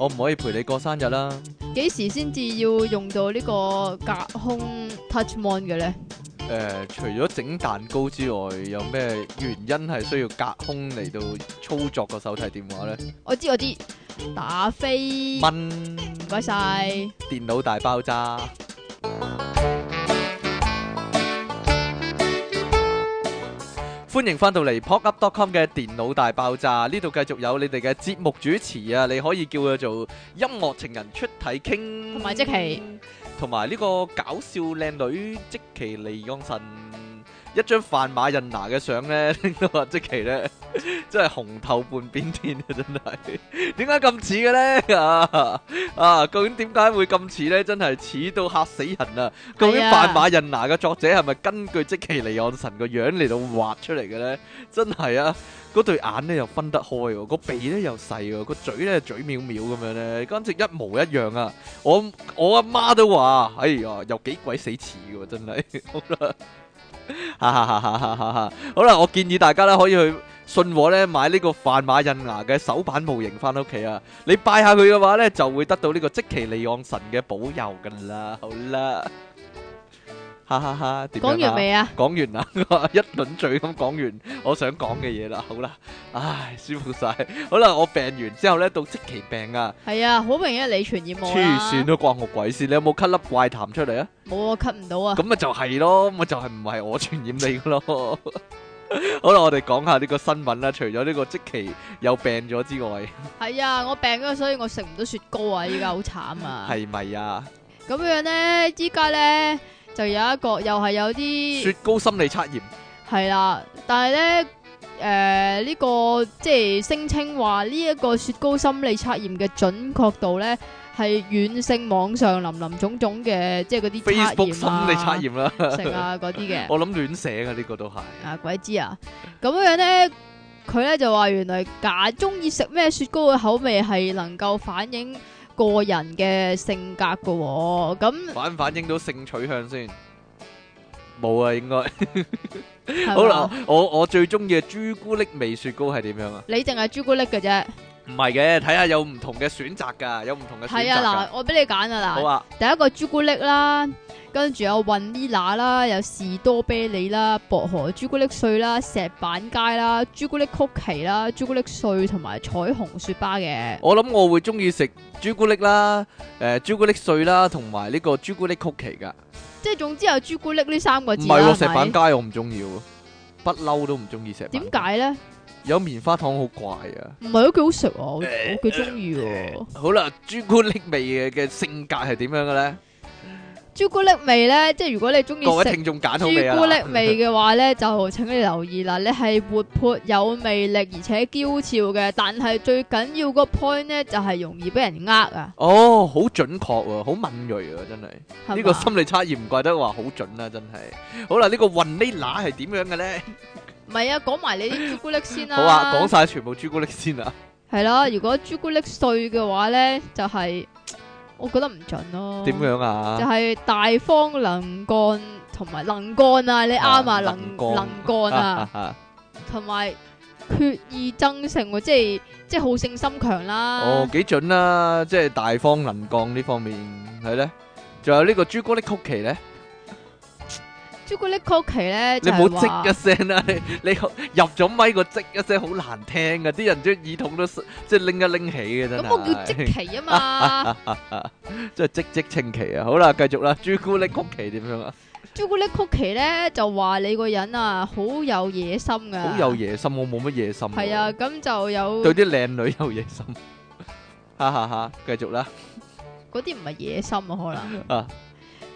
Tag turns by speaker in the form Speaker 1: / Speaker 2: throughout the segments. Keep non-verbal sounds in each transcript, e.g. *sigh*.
Speaker 1: 我唔可以陪你過生日啦。
Speaker 2: 幾時先至要用到呢個隔空 touch one 嘅咧？
Speaker 1: 誒、呃，除咗整蛋糕之外，有咩原因係需要隔空嚟到操作個手提電話咧？
Speaker 2: 我知我知，打飛蚊，唔該晒問，謝謝，
Speaker 1: 電腦大爆炸。歡迎翻到嚟 pop up.com 嘅電腦大爆炸，呢度繼續有你哋嘅節目主持啊，你可以叫佢做音樂情人出體 king，同埋積淇，同埋呢個搞笑靚女積淇離岸神。一張範馬印拿嘅相咧，聽到話積淇咧，真係紅透半邊天啊！真、啊、係，點解咁似嘅咧？啊究竟點解會咁似咧？真係似到吓死人啊！呀究竟範馬印拿嘅作者係咪根據積淇離岸神個樣嚟到畫出嚟嘅咧？真係啊，嗰對眼咧又分得開，個鼻咧又細，個嘴咧嘴藐藐咁樣咧，簡直一模一樣啊！我我阿媽都話：哎呀，又幾鬼死似嘅，真係。好啦哈哈哈哈哈哈！ *laughs* *laughs* 好啦，我建議大家咧可以去信和咧買呢個範馬印牙嘅手板模型翻屋企啊！你拜下佢嘅話咧，就會得到呢個積淇離岸神嘅保佑噶啦！好啦。哈哈哈！講完未啊？講完啦， *laughs* 一輪嘴咁講完我想講嘅嘢啦，好啦，唉，舒服晒，好啦，我病完之後咧，到即期病啊，
Speaker 2: 係啊，好明顯你傳染我啊！黐
Speaker 1: 線都怪我鬼事，你有冇咳粒怪痰出嚟？
Speaker 2: 啊，冇啊，咳唔到啊！
Speaker 1: 咁咪就係咯，咪就係唔係我傳染你咯？ *laughs* 好啦，我哋講下呢個新聞啦，除咗呢個即期有病咗之外，
Speaker 2: 係啊，我病咗，所以我食唔到雪糕啊，依家好慘啊，係咪啊？咁樣咧，依家咧。就有一個又係有啲雪
Speaker 1: 糕心理測驗，
Speaker 2: 係啦，但係咧，誒、呃、呢、這個即係聲稱話呢一個雪糕心理測驗嘅準確度咧，係遠勝網上林林總總嘅即係嗰啲心理測驗
Speaker 1: 啦、啊食啊嗰啲嘅。 *laughs* 我諗亂寫噶呢個都係啊
Speaker 2: 鬼知啊！咁樣樣咧，佢咧就話原來假中意食咩雪糕嘅口味係能夠反映個人嘅性格㗎喎，咁
Speaker 1: 反唔反映到性取向先？冇啊，應該好啦，我我最中意嘅朱古力味雪糕係點樣啊？
Speaker 2: 你淨係朱古力㗎啫。
Speaker 1: 唔係嘅，睇下有唔同嘅選擇噶，有唔同嘅選擇。係啊，嗱，我
Speaker 2: 俾你揀㗎喇。好啊。第一個朱古力啦，跟住有雲呢拿啦，有士多啤梨啦，薄荷朱古力碎啦，石板街啦，朱古力曲奇啦，朱古力碎同埋彩虹雪巴嘅。
Speaker 1: 我諗我會中意食朱古力啦，誒，朱古力碎啦，同埋呢個朱古力曲奇噶。
Speaker 2: 即係總之有朱古力呢三個字啦，唔係喎，石板街
Speaker 1: 我唔中意喎，不嬲都唔中意食。點解咧？有棉花糖好怪啊！
Speaker 2: 唔係，都幾好食
Speaker 1: 啊，我幾中意。好啦，朱古力味嘅嘅性格係點樣嘅咧？
Speaker 2: 朱古力味咧，即係如果你中意，各位聽眾揀朱古力味啊！朱古力味嘅話咧，就請你留意啦。你係活潑有魅力，而且嬌俏嘅，但係最緊要個 point 咧，就係容易俾人呃啊！
Speaker 1: 哦，好準確喎，好敏銳啊，真係呢個心理測驗唔怪得話好準啦，真係。好啦，呢個雲呢拿係點樣嘅咧？
Speaker 2: 唔係啊，講埋你啲朱古力先啦。好啊，講晒
Speaker 1: 全部朱古力先啦。
Speaker 2: 係啦，如果朱古力碎嘅話咧，就係我覺得唔準咯。
Speaker 1: 點樣啊？就
Speaker 2: 係大方能幹同埋能幹啊！你啱啊，能能幹啊，同埋決意增盛，即係即係好勝心強啦。哦，
Speaker 1: 幾準啦，即係大方能幹呢方面係咧。仲有呢個朱古力曲奇咧。
Speaker 2: 朱古力曲奇咧，就係、是、話你冇積一
Speaker 1: 聲啊？ *laughs* 你你入咗咪個積一聲好難聽拌拌 *laughs* 啊。啲人將耳筒都即係拎一拎起嘅真係。咁我叫積奇啊嘛，即係積積稱奇啊。好啦，繼續啦，朱古力曲奇點樣啊？
Speaker 2: 朱古力曲奇咧就話你個人啊好有野心噶， *laughs* 好有
Speaker 1: 野心，我冇乜野心。係
Speaker 2: 啊，咁就有對
Speaker 1: 啲靚女有野心，哈哈哈！繼、啊啊、續啦，
Speaker 2: 嗰啲唔係野心啊，可能啊。 *laughs* *laughs*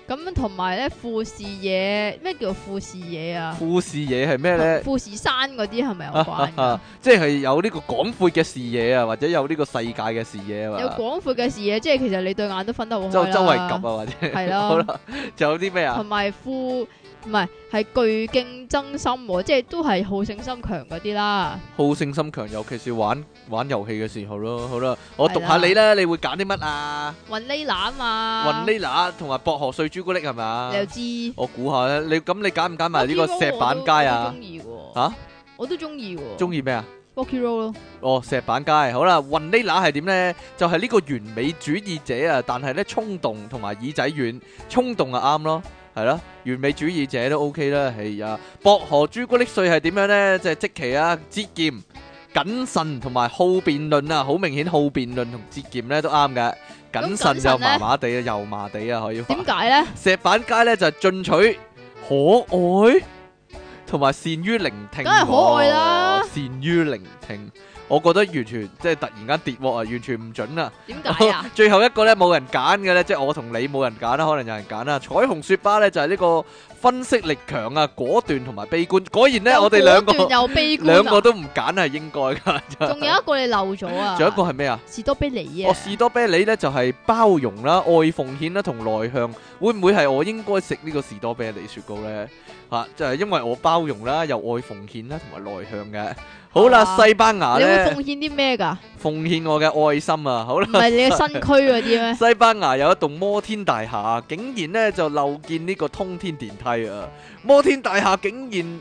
Speaker 2: 咁同埋咧，富士野，咩叫富士野啊？富
Speaker 1: 士野係咩咧？富
Speaker 2: 士山嗰啲係咪
Speaker 1: 有關㗎？即係有呢個廣闊嘅視野啊，或者有呢個世界嘅視野啊。有廣
Speaker 2: 闊嘅視野，即係其實你對眼都分得好開啦。周圍及啊，或
Speaker 1: 者係 *laughs* 啦。好啦，仲有啲咩啊？同
Speaker 2: 埋富。唔係，係具競爭心，即係都係好勝心強嗰啲啦。
Speaker 1: 好勝心強，尤其是玩玩遊戲嘅時候咯。好啦，我讀下你啦，你會揀啲乜啊？
Speaker 2: 雲呢拿啊嘛，雲
Speaker 1: 呢拿同埋薄荷碎朱古力係咪？你又知？我估下啦，你咁你揀唔揀埋呢個石板街啊？我都中意嘅。吓？
Speaker 2: 我都中意嘅。中意咩啊？Rocky Roll
Speaker 1: 咯。哦，石板街，好啦，雲呢拿係點咧？就係呢個完美主義者啊，但係咧衝動同埋耳仔軟，衝動啊啱咯。係咯，完美主義者都 OK 啦。哎呀，薄荷朱古力碎係點樣呢？即係即期啊，節儉、謹慎同埋好辯論啊，好明顯好辯論同節儉呢都啱㗎，謹慎就麻麻地啊，油麻地啊，可以。點解呢？石板街呢就係進取、可愛同埋善於聆聽。梗係可愛啦，善於聆聽。我覺得完全即係突然間跌喎啊，完全唔準啊！點
Speaker 2: 解
Speaker 1: 啊？ *laughs* 最後一個呢，冇人揀嘅呢，即係我同你冇人揀啦，可能有人揀啦。彩虹雪芭呢，就係、是、呢個分析力強啊，果斷同埋悲觀。果然呢，我哋兩個又悲觀，兩、啊、個都唔揀係應該噶。仲有一
Speaker 2: 個你漏咗啊？
Speaker 1: 仲有一個係咩啊？士
Speaker 2: 多啤梨啊、哦！士
Speaker 1: 多啤梨呢，就係、是、包容啦、愛奉獻啦同內向，會唔會係我應該食呢個士多啤梨雪糕呢？吓、啊、就係、是、因為我包容啦，又愛奉獻啦，同埋內向嘅。好啦，啊、西班牙你會奉
Speaker 2: 獻啲咩噶？
Speaker 1: 奉獻我嘅愛心啊！好啦，唔係你嘅身軀嗰啲咩？ *laughs* 西班牙有一棟摩天大廈，竟然咧就漏建呢個通天電梯啊！摩天大廈竟然。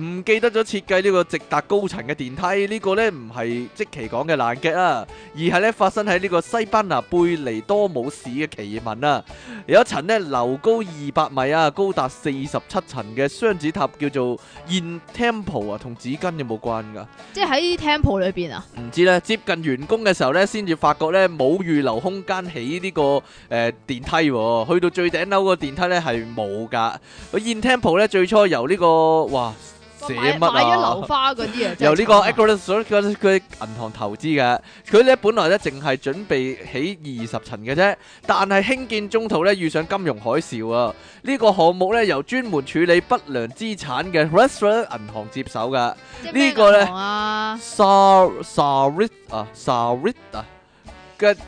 Speaker 1: 唔記得咗設計呢個直達高層嘅電梯，呢、這個呢，唔係積淇講嘅冷擊啊，而係咧發生喺呢個西班牙貝尼多姆市嘅奇聞啊！有一層呢，樓高二百米啊，高達四十七層嘅雙子塔叫做 In Temple 啊，同紙巾有冇關㗎？
Speaker 2: 即係喺 Temple 裏邊啊？
Speaker 1: 唔知呢，接近完工嘅時候呢，先至發覺呢冇預留空間起呢、這個誒、呃、電梯，去到最頂樓個電梯呢係冇㗎。個 In Temple 呢，最初由呢、這個哇～買買一
Speaker 2: 樓花嗰啲啊！
Speaker 1: 由呢個 a g o r 銀行投資嘅，佢咧本來咧淨係準備起二十層嘅啫，但係興建中途咧遇上金融海嘯啊！呢、這個項目咧由專門處理不良資產嘅 restaurant 銀行接手噶，呢個咧 s a r r a 啊，Sarah 啊。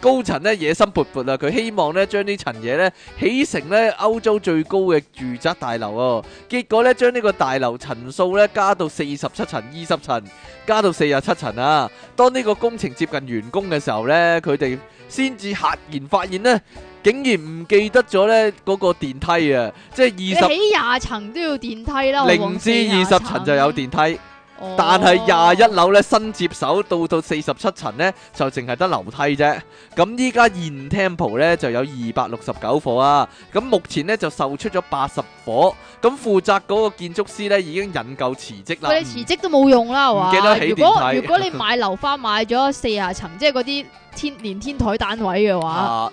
Speaker 1: 高層咧野心勃勃啊，佢希望咧將呢層嘢咧起成咧歐洲最高嘅住宅大樓哦。結果咧將呢個大樓層數咧加到四十七層二十層，加到四十七層啊。當呢個工程接近完工嘅時候咧，佢哋先至嚇然發現咧，竟然唔記得咗咧嗰個電梯啊！即係二十你起
Speaker 2: 廿層都要電梯啦，零至
Speaker 1: 二十層就有電梯。但係廿一樓咧新接手，到到四十七層呢就淨係得樓梯啫。咁依家現，現 Temple 呢就有二百六十九伙啊。咁目前呢就售出咗八十伙。咁負責嗰個建築師呢已經引咎辭職啦。佢哋辭
Speaker 2: 職都冇用啦，係嘛、嗯？唔記得起電梯如果，如果你買樓花買咗四廿層， *laughs* 即係嗰啲天連天台單位嘅話。啊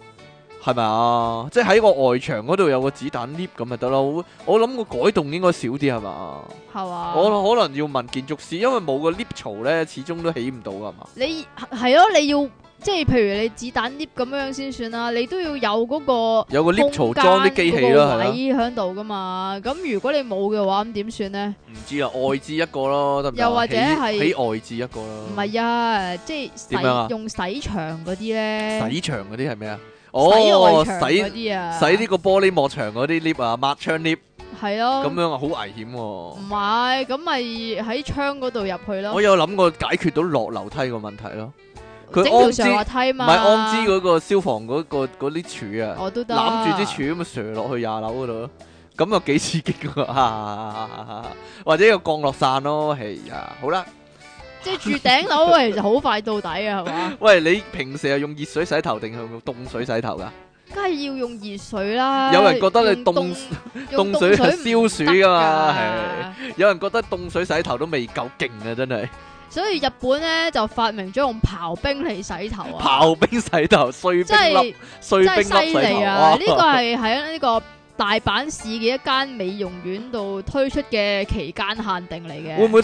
Speaker 1: 係咪啊？即係喺個外牆嗰度有個子彈 lift 咁咪得咯？我我諗個改動應該少啲係嘛？
Speaker 2: 係嘛？吧我
Speaker 1: 可能要問建築師，因為冇個 lift 槽，咧，始終都起唔到噶，係嘛？
Speaker 2: 你係咯，你要即係，譬如，你子彈 lift 咁樣先算啦。你都要有嗰個有個 lift 裝啲機器咯，喺啦，喺度噶嘛？咁如果你冇嘅話，咁點算咧？唔
Speaker 1: 知啊，外置一個咯，得唔得？又或者係起外置一個咯？唔
Speaker 2: 係啊，即係、啊、用洗牆嗰啲咧，洗
Speaker 1: 牆嗰啲係咩啊？哦，洗使呢、啊、個玻璃幕牆嗰啲 lift 啊，抹啊、哦、啊窗 lift，係咯，咁樣啊好危險。唔
Speaker 2: 係，咁咪喺窗嗰度入去咯。我有
Speaker 1: 諗過解決到落樓梯個問題咯，整條滑梯嘛，唔係安之嗰個消防嗰、嗰個嗰啲柱啊，攬住啲柱咁啊射 *laughs* 落去廿樓嗰度咯，咁又幾刺激噶，或者個降落傘咯，係啊，好啦。
Speaker 2: *laughs* 即係住頂樓，喂，就好快到底啊，係嘛？
Speaker 1: 喂，你平時係用熱水洗頭定係用凍水洗頭噶？梗
Speaker 2: 係要用熱水啦。有人覺得你凍
Speaker 1: 凍水係消暑噶嘛？有人覺得凍水洗頭都未夠勁啊！真係。
Speaker 2: 所以日本咧就發明咗用刨冰嚟洗頭啊！刨
Speaker 1: 冰洗頭，碎冰甩，即係，碎冰甩洗頭，真係
Speaker 2: 犀利啊！呢個係喺呢個大阪市嘅一間美容院度推出嘅期間限定嚟嘅。會唔會？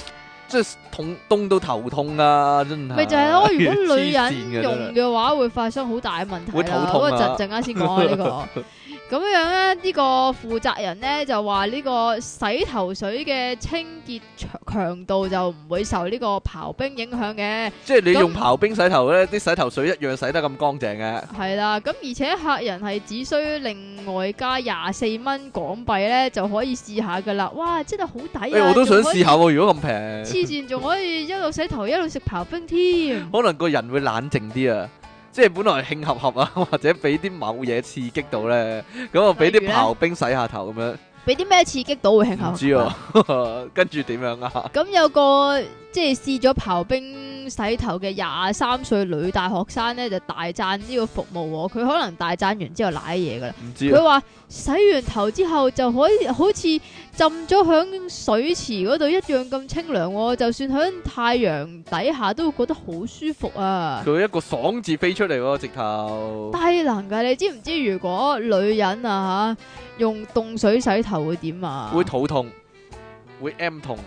Speaker 1: 即係痛凍到頭痛啊！真係咪就係咯？如果女人用嘅
Speaker 2: 話，會發生好大嘅問題。會頭痛啊！陣陣間先講下呢個。咁樣咧，呢個負責人咧就話呢個洗頭水嘅清潔強度就唔會受呢個刨冰影響嘅。即係你用
Speaker 1: 刨冰洗頭咧，啲那洗頭水一樣洗得咁乾淨嘅。
Speaker 2: 係啦，咁而且客人係只需另外加廿四蚊港幣咧，就可以試下噶啦。哇，真係好抵啊、欸！我都想試下喎、啊，如
Speaker 1: 果咁平。黐線
Speaker 2: 仲可以一路洗頭一路食刨冰添。 *laughs*
Speaker 1: 可能個人會冷靜啲啊，即係本來興合合啊，或者俾啲某嘢刺激到咧，咁啊俾啲刨冰洗下頭咁樣。
Speaker 2: 俾啲咩刺激到會慶幸？唔知喎、啊，
Speaker 1: *laughs* 跟住點樣啊？
Speaker 2: 咁有個即係試咗刨冰。洗頭嘅廿三歲女大學生咧就大讚呢個服務，哦，佢可能大讚完之後瀨嘢噶啦。唔知佢話、啊、洗完頭之後就可以好似浸咗響水池嗰度一樣咁清涼，哦，就算響太陽底下都會覺得好舒服啊！佢
Speaker 1: 一個爽字飛出嚟咯，直頭。低
Speaker 2: 能噶，你知唔知如果女人啊吓用凍水洗頭會點啊？
Speaker 1: 會肚痛，會 M 痛。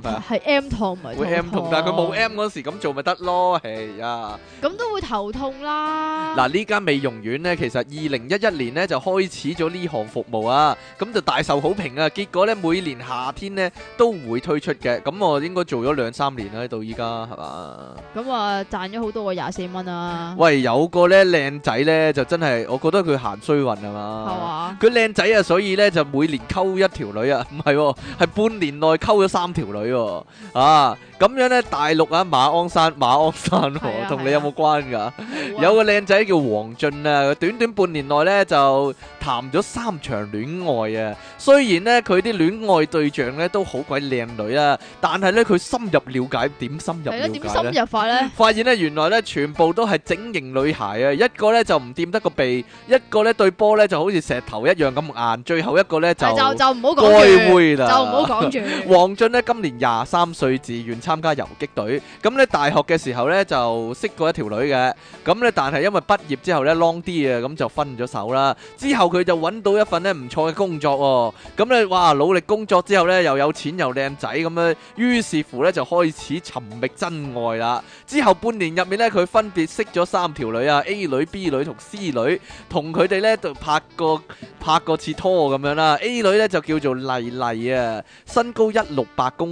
Speaker 1: 係
Speaker 2: 係 M 痛，唔係會 M 痛，但係佢冇
Speaker 1: M 嗰時咁做咪得咯，係啊，
Speaker 2: 咁都會頭痛啦。
Speaker 1: 嗱，呢間美容院咧，其實二零一一年咧就開始咗呢項服務啊，咁就大受好評啊。結果咧，每年夏天咧都會推出嘅，咁我應該做咗兩三年啦，到依家係嘛？
Speaker 2: 咁啊賺咗好多個廿四蚊啊！
Speaker 1: 喂，有個咧靚仔咧就真係，我覺得佢行衰運啊嘛，係嘛？佢靚仔啊，所以咧就每年溝一條女啊，唔係，係半年內溝咗三條女。佢喎啊，咁樣呢，大陸啊，馬鞍山，馬鞍山，同你有冇關噶？有個靚仔叫黃俊啊，短短半年內呢就談咗三場戀愛啊。雖然呢佢啲戀愛對象呢都好鬼靚女啊，但係呢佢深入了解，點深入？點深入法呢？發現呢原來呢全部都係整形女孩啊！一個呢就唔掂得個鼻，一個呢對波呢就好似石頭一樣咁硬，最後一個呢就就就唔好講住，就唔好講住。黃俊呢今。年廿三歲自願參加游擊隊，咁咧大學嘅時候咧就識過一條女嘅，咁咧但係因為畢業之後咧 long 啲啊，咁就分咗手啦。之後佢就揾到一份咧唔錯嘅工作，哦、咁、嗯、咧哇努力工作之後咧又有錢又靚仔咁啊，於是乎咧就開始尋覓真愛啦。之後半年入面咧佢分別識咗三條女啊，A 女、B 女同 C 女，同佢哋咧就拍過拍過次拖咁樣啦。A 女咧就叫做麗麗啊，身高一六八公。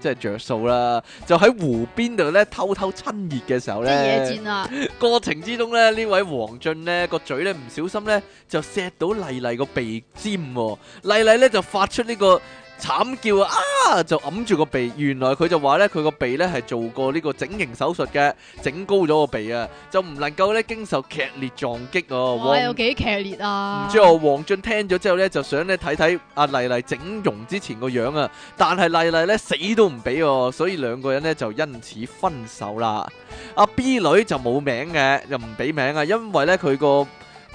Speaker 1: 即係着數啦，就喺湖邊度咧偷偷親熱嘅時候咧，過程之中咧呢位黃俊呢個嘴咧唔小心咧就錫到麗麗個鼻尖喎，哦，麗麗咧就發出呢、呢個。慘叫啊！就揞住個鼻，原來佢就話咧佢個鼻咧係做過呢個整形手術嘅，整高咗個鼻啊，就唔能夠咧經受劇烈撞擊。哇！又
Speaker 2: 幾劇烈啊！然之
Speaker 1: 後黃俊聽咗之後咧就想咧睇睇阿麗麗整容之前個樣啊，但係麗麗咧死都唔俾，所以兩個人咧就因此分手啦。阿 B 女就冇名嘅，就唔俾名啊，因為咧佢個。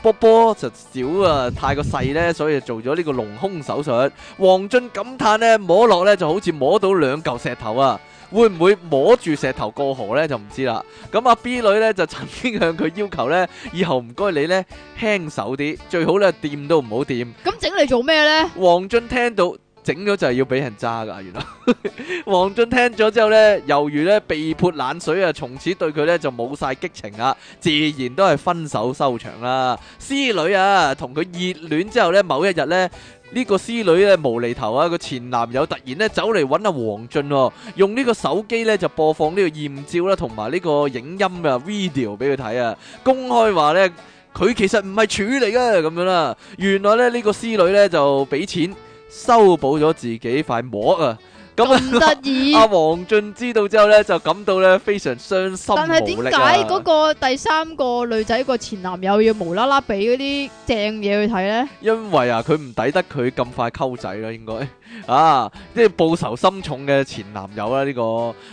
Speaker 1: 波波就少啊，太過細呢，所以做咗呢個隆胸手術。黃俊感嘆呢，摸落呢就好似摸到兩嚿石頭啊，會唔會摸住石頭過河呢就唔知啦。咁阿 B 女呢就曾經向佢要求呢，以後唔該你呢輕手啲，最好呢掂都唔好掂。
Speaker 2: 咁整嚟做咩呢？
Speaker 1: 黃俊聽到。整咗就係要俾人揸噶，原來 *laughs* 王俊聽咗之後呢，猶如呢被潑冷水啊，從此對佢呢就冇晒激情啦，自然都係分手收場啦。師 *laughs* 女啊，同佢熱戀之後呢，某一日呢，呢、這個師女呢無厘頭啊，個前男友突然呢走嚟揾阿王俊，用呢個手機呢就播放呢個豔照啦，同埋呢個影音啊 video 俾佢睇啊，公開話呢，佢其實唔係處嚟嘅咁樣啦。原來呢，呢個師女呢就俾錢。修補咗自己塊膜啊！咁得意，阿黃俊知道之後呢，就感到呢非常傷心無力啊！但係點解嗰
Speaker 2: 個第三個女仔個前男友要無啦啦俾嗰啲正嘢去睇呢？
Speaker 1: 因為啊，佢唔抵得佢咁快溝仔啦，應該 *laughs* 啊，即、就、係、是、報仇心重嘅前男友啦、啊。呢、這個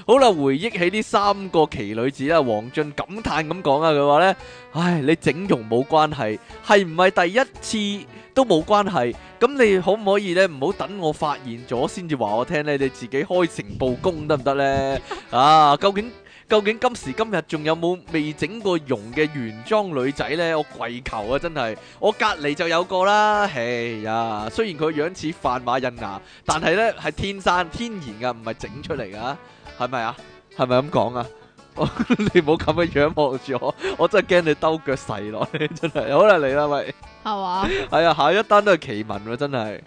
Speaker 1: 好啦、啊，回憶起呢三個奇女子啊。黃俊感嘆咁講啊，佢話呢：「唉，你整容冇關係，係唔係第一次？都冇關係，咁你可唔可以咧，唔好等我發現咗先至話我聽咧？你自己開誠布公得唔得咧？啊，究竟究竟今時今日仲有冇未整過容嘅原裝女仔咧？我跪求啊，真係我隔籬就有個啦，唉呀，雖然佢樣似範馬刃牙，但係咧，係天生天然噶，唔係整出嚟噶，係咪啊？係咪咁講啊？你唔好咁嘅樣望住我，我真係驚你兜腳細落，真係好啦，嚟啦，咪。係嘛？係啊，下一單都係奇聞啊！真係，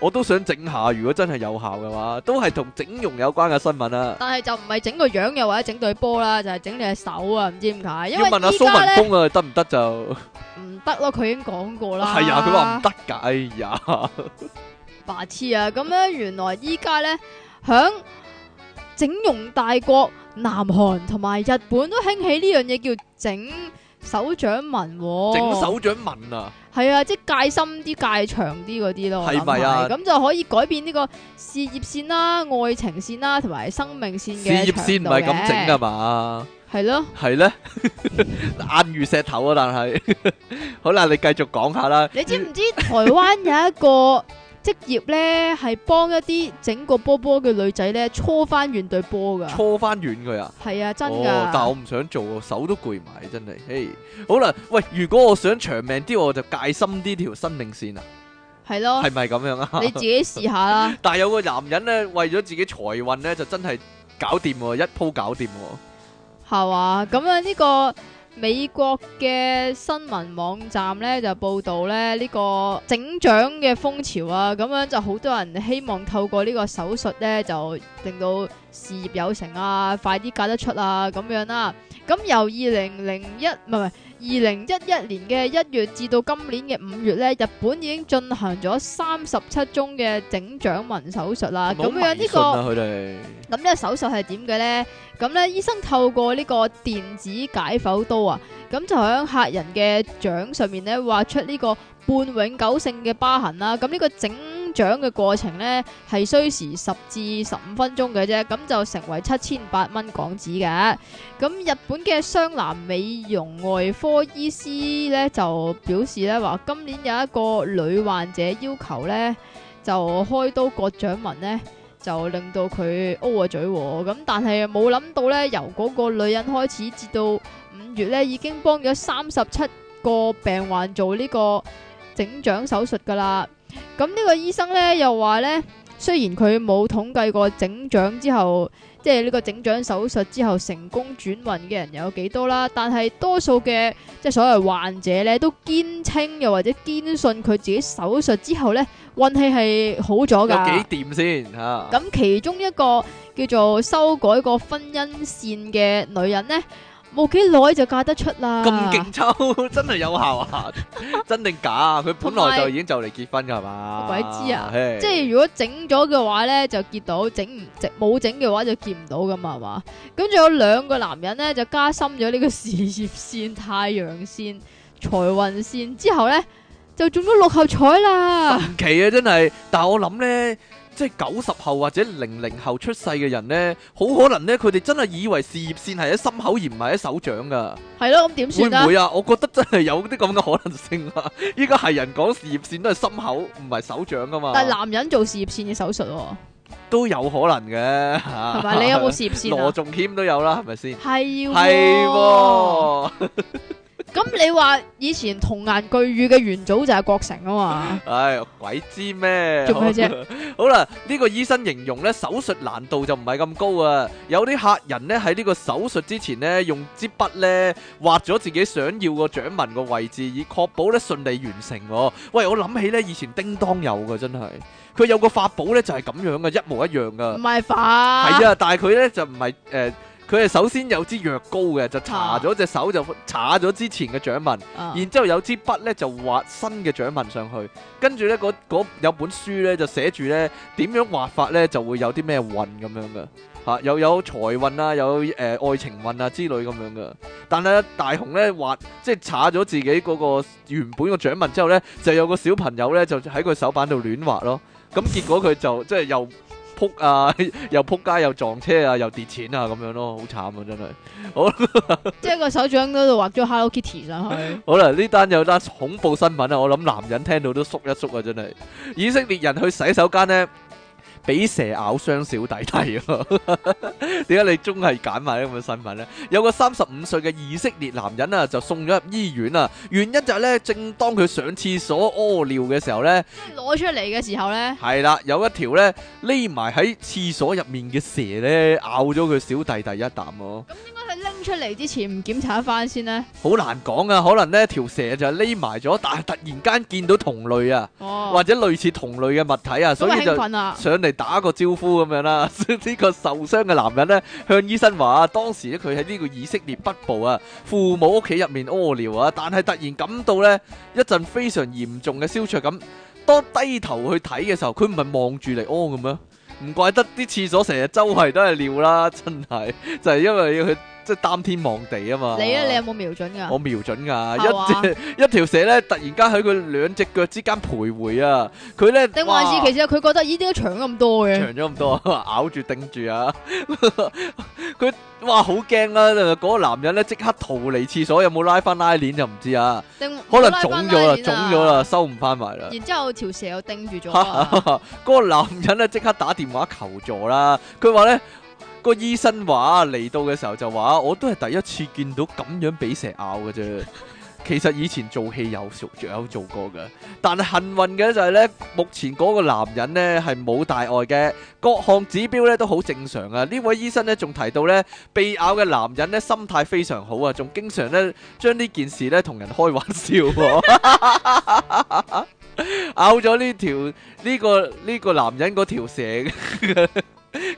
Speaker 1: 我都想整下，如果真係有效嘅話，都係同整容有關嘅新聞啊。但
Speaker 2: 係就唔係整個樣又或者整對波啦，就係整你隻手啊，唔知點解，因為要問下蘇文峰
Speaker 1: 啊，得唔得就？唔
Speaker 2: 得咯，佢已經講過啦。係啊，佢話唔
Speaker 1: 得噶，哎呀，
Speaker 2: 白痴啊！咁咧，原來依家咧響整容大國南韓同埋日本都興起呢樣嘢叫整。手掌紋，整手掌紋啊，係啊，即係戒深啲、戒長啲嗰啲咯，係咪啊？咁就可以改變呢個事業線啦、愛情線啦，同埋生命線嘅事業線唔係咁整㗎
Speaker 1: 嘛？係是咯是呢，係咧，硬如石頭啊！但係 *laughs* 好，好啦，你繼續講下啦。你知唔
Speaker 2: 知台灣有一個？ *laughs* 職業呢係幫一啲整個波波嘅女仔呢，搓翻圓對波噶，搓
Speaker 1: 翻圓佢啊，係
Speaker 2: 啊真噶，哦。但係我唔
Speaker 1: 想做，手都攰埋，真係。誒，好啦，喂，如果我想長命啲，我就戒心啲條生命線啊。
Speaker 2: 係咯，係
Speaker 1: 咪咁樣啊？你自己試下啦。 *laughs* 但係有個男人呢，為咗自己財運呢，就真係搞掂，一鋪搞掂。係
Speaker 2: 話咁樣呢、呢個？美國嘅新聞網站呢，就報道咧呢個整腸嘅風潮啊，咁樣就好多人希望透過呢個手術呢，就令到事業有成啊，快啲嫁得出啊咁樣啦。咁由二零零一唔係唔係，二零一一年嘅一月至到今年嘅五月咧，日本已經進行咗三十七宗嘅整掌紋手術啦。好迷信啊！佢
Speaker 1: 哋。
Speaker 2: 咁呢個手術係點嘅咧？咁咧，醫生透過呢個電子解剖刀啊，咁就喺客人嘅掌上面咧畫出呢個半永久性嘅疤痕啦。咁呢個整獎嘅過程呢，係需時十至十五分鐘嘅啫，咁就成為七千八蚊港紙嘅。咁日本嘅湘南美容外科醫師呢，就表示呢話，今年有一個女患者要求呢，就開刀割掌紋呢，就令到佢 O 個嘴、喔。咁但係冇諗到呢，由嗰個女人開始至到五月呢，已經幫咗三十七個病患做呢個整獎手術噶啦。咁呢個醫生咧又話咧，雖然佢冇統計過整掌之後，即係呢個整掌手術之後成功轉運嘅人有幾多啦，但係多數嘅即係所謂患者咧都堅稱又或者堅信佢自己手術之後咧運氣係好咗噶。有幾
Speaker 1: 掂先吓？
Speaker 2: 咁、啊、其中一個叫做修改個婚姻線嘅女人呢。冇幾耐就嫁得出啦！咁勁
Speaker 1: 抽真係有效啊！ *laughs* *laughs* 真定假啊？佢本來就已經就嚟結婚噶係嘛？有鬼知啊！Hey 即係
Speaker 2: 如果整咗嘅話咧就結到，整唔直冇整嘅話就結唔到噶嘛係嘛？咁仲有兩個男人咧就加深咗呢個事業線、太陽線、財運線之後咧就中咗六合彩啦！神
Speaker 1: 奇啊，真係！但係我諗咧。即係九十後或者零零後出世嘅人呢，好可能呢，佢哋真係以為事業線係喺心口而唔係喺手掌噶。
Speaker 2: 係咯，咁點算咧？會唔會啊？我
Speaker 1: 覺得真係有啲咁嘅可能性啊！依家係人講事業線都係心口，唔係手掌噶嘛。但係男
Speaker 2: 人做事業線嘅手術，啊、
Speaker 1: 都有可能嘅，同 *laughs* 埋你有冇事業線啊？羅仲謙都有啦，係咪先？係係了。對了 *laughs*
Speaker 2: 咁你話以前童顏巨乳嘅元祖就係郭成啊嘛？
Speaker 1: 唉、哎，鬼知咩？做咩啫？ *laughs* 好啦，呢、這個醫生形容呢手術難度就唔係咁高啊！有啲客人呢喺呢個手術之前呢，用支筆呢畫咗自己想要個掌紋個位置，以確保呢順利完成、啊。喂，我諗起呢以前叮當有嘅真係，佢有個法寶呢，就係、是、咁樣嘅，一模一樣噶，唔
Speaker 2: 係吧？
Speaker 1: 係啊，但係佢呢，就唔係誒。呃佢係首先有支藥膏嘅，就搽咗隻手就搽咗之前嘅掌紋，啊、然之後有支筆咧就畫新嘅掌紋上去，跟住咧嗰有本書咧就寫住咧點樣畫法咧就會有啲咩運咁樣嘅，嚇又有財運啊，有誒、啊呃、愛情運啊之類咁樣嘅。但係大雄咧畫即係搽咗自己嗰個原本嘅掌紋之後咧，就有個小朋友咧就喺佢手板度亂畫咯，咁結果佢就即係又。扑啊，又扑街又撞車啊，又跌錢啊，咁樣咯，好慘啊，真係。好，
Speaker 2: 即係個手掌嗰度畫咗 Hello Kitty 上去。
Speaker 1: 好啦，呢單有單恐怖新聞啊！我諗男人聽到都縮一縮啊，真係。以色列人去洗手間咧。俾蛇咬傷小弟弟咯？點解你終係揀埋啲咁嘅新聞咧？有個三十五歲嘅以色列男人啊，就送咗入醫院啊，原因就係咧，正當佢上廁所屙尿嘅時候咧，
Speaker 2: 攞出嚟嘅時候咧，
Speaker 1: 係啦，有一條咧匿埋喺廁所入面嘅蛇咧咬咗佢小弟弟一啖咯。咁
Speaker 2: 點解佢拎出嚟之前唔檢查一番先咧？
Speaker 1: 好難講啊，可能咧條蛇就匿埋咗，但係突然間見到同類啊，或者類似同類嘅物體啊，所以就上嚟。打個招呼咁樣啦，呢 *laughs* 個受傷嘅男人呢，向醫生話啊，當時佢喺呢個以色列北部啊，父母屋企入面屙尿啊，但係突然感到呢一陣非常嚴重嘅燒灼感，當低頭去睇嘅時候，佢唔係望住嚟屙咁樣，唔怪得啲廁所成日周圍都係尿啦，真係就係、是、因為佢。即係擔天望地啊嘛！你咧，你有
Speaker 2: 冇瞄準噶？我
Speaker 1: 瞄準噶，啊、一隻、一條蛇咧，突然間喺佢兩隻腳之間徘徊啊！佢咧，定還是哇其實
Speaker 2: 佢覺得呢啲都長咁多嘅，長
Speaker 1: 咗咁多，多 *laughs* 咬住盯住啊！佢哇好驚啦！嗰個男人咧即刻逃離廁所，有冇拉翻拉鏈就唔知啊！拉
Speaker 2: 拉啊可能腫咗啦，拉拉啊、腫咗
Speaker 1: 啦，收唔翻埋啦。然
Speaker 2: 之後條蛇又盯住咗，
Speaker 1: 嗰個男人咧即刻打電話求助啦、啊。佢話咧。個醫生話嚟到嘅時候就話，我都係第一次見到咁樣俾蛇咬嘅啫。其實以前做戲有熟，有做過嘅。但係幸運嘅就係呢，目前嗰個男人呢係冇大礙嘅，各項指標呢都好正常啊。呢位醫生呢仲提到呢，被咬嘅男人呢心態非常好啊，仲經常呢將呢件事呢同人開玩笑。咬咗呢條呢個呢個男人嗰條蛇，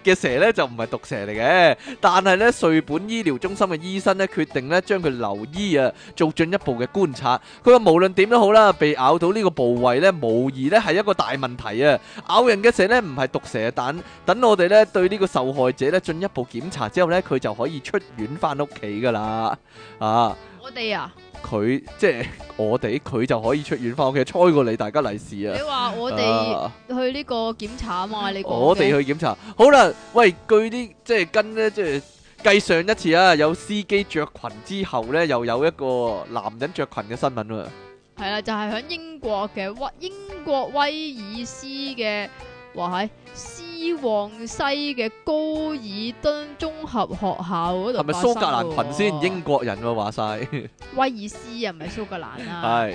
Speaker 1: 嘅蛇咧就唔係毒蛇嚟嘅，但係咧瑞本醫療中心嘅醫生咧決定咧將佢留醫啊，做進一步嘅觀察。佢話無論點都好啦，被咬到呢個部位咧無疑咧係一個大問題啊！咬人嘅蛇咧唔係毒蛇，但，等我哋咧對呢個受害者咧進一步檢查之後咧，佢就可以出院翻屋企噶啦啊！我哋啊～佢即係我哋，佢就可以出院翻屋企，猜過你，大家利是啊！你話我哋
Speaker 2: 去呢個檢查啊嘛？你我哋去
Speaker 1: 檢查好啦。喂，據啲即係跟咧，即係繼上一次啊，有司機着裙之後咧，又有一個男人着裙嘅新聞喎。
Speaker 2: 係啊，就係、是、喺英國嘅威，英國威爾斯嘅話喺。伊旺西嘅高爾敦綜
Speaker 1: 合學校嗰度，係咪蘇格蘭裙先？英國人喎話晒，
Speaker 2: 威爾斯唔係蘇格蘭啊。係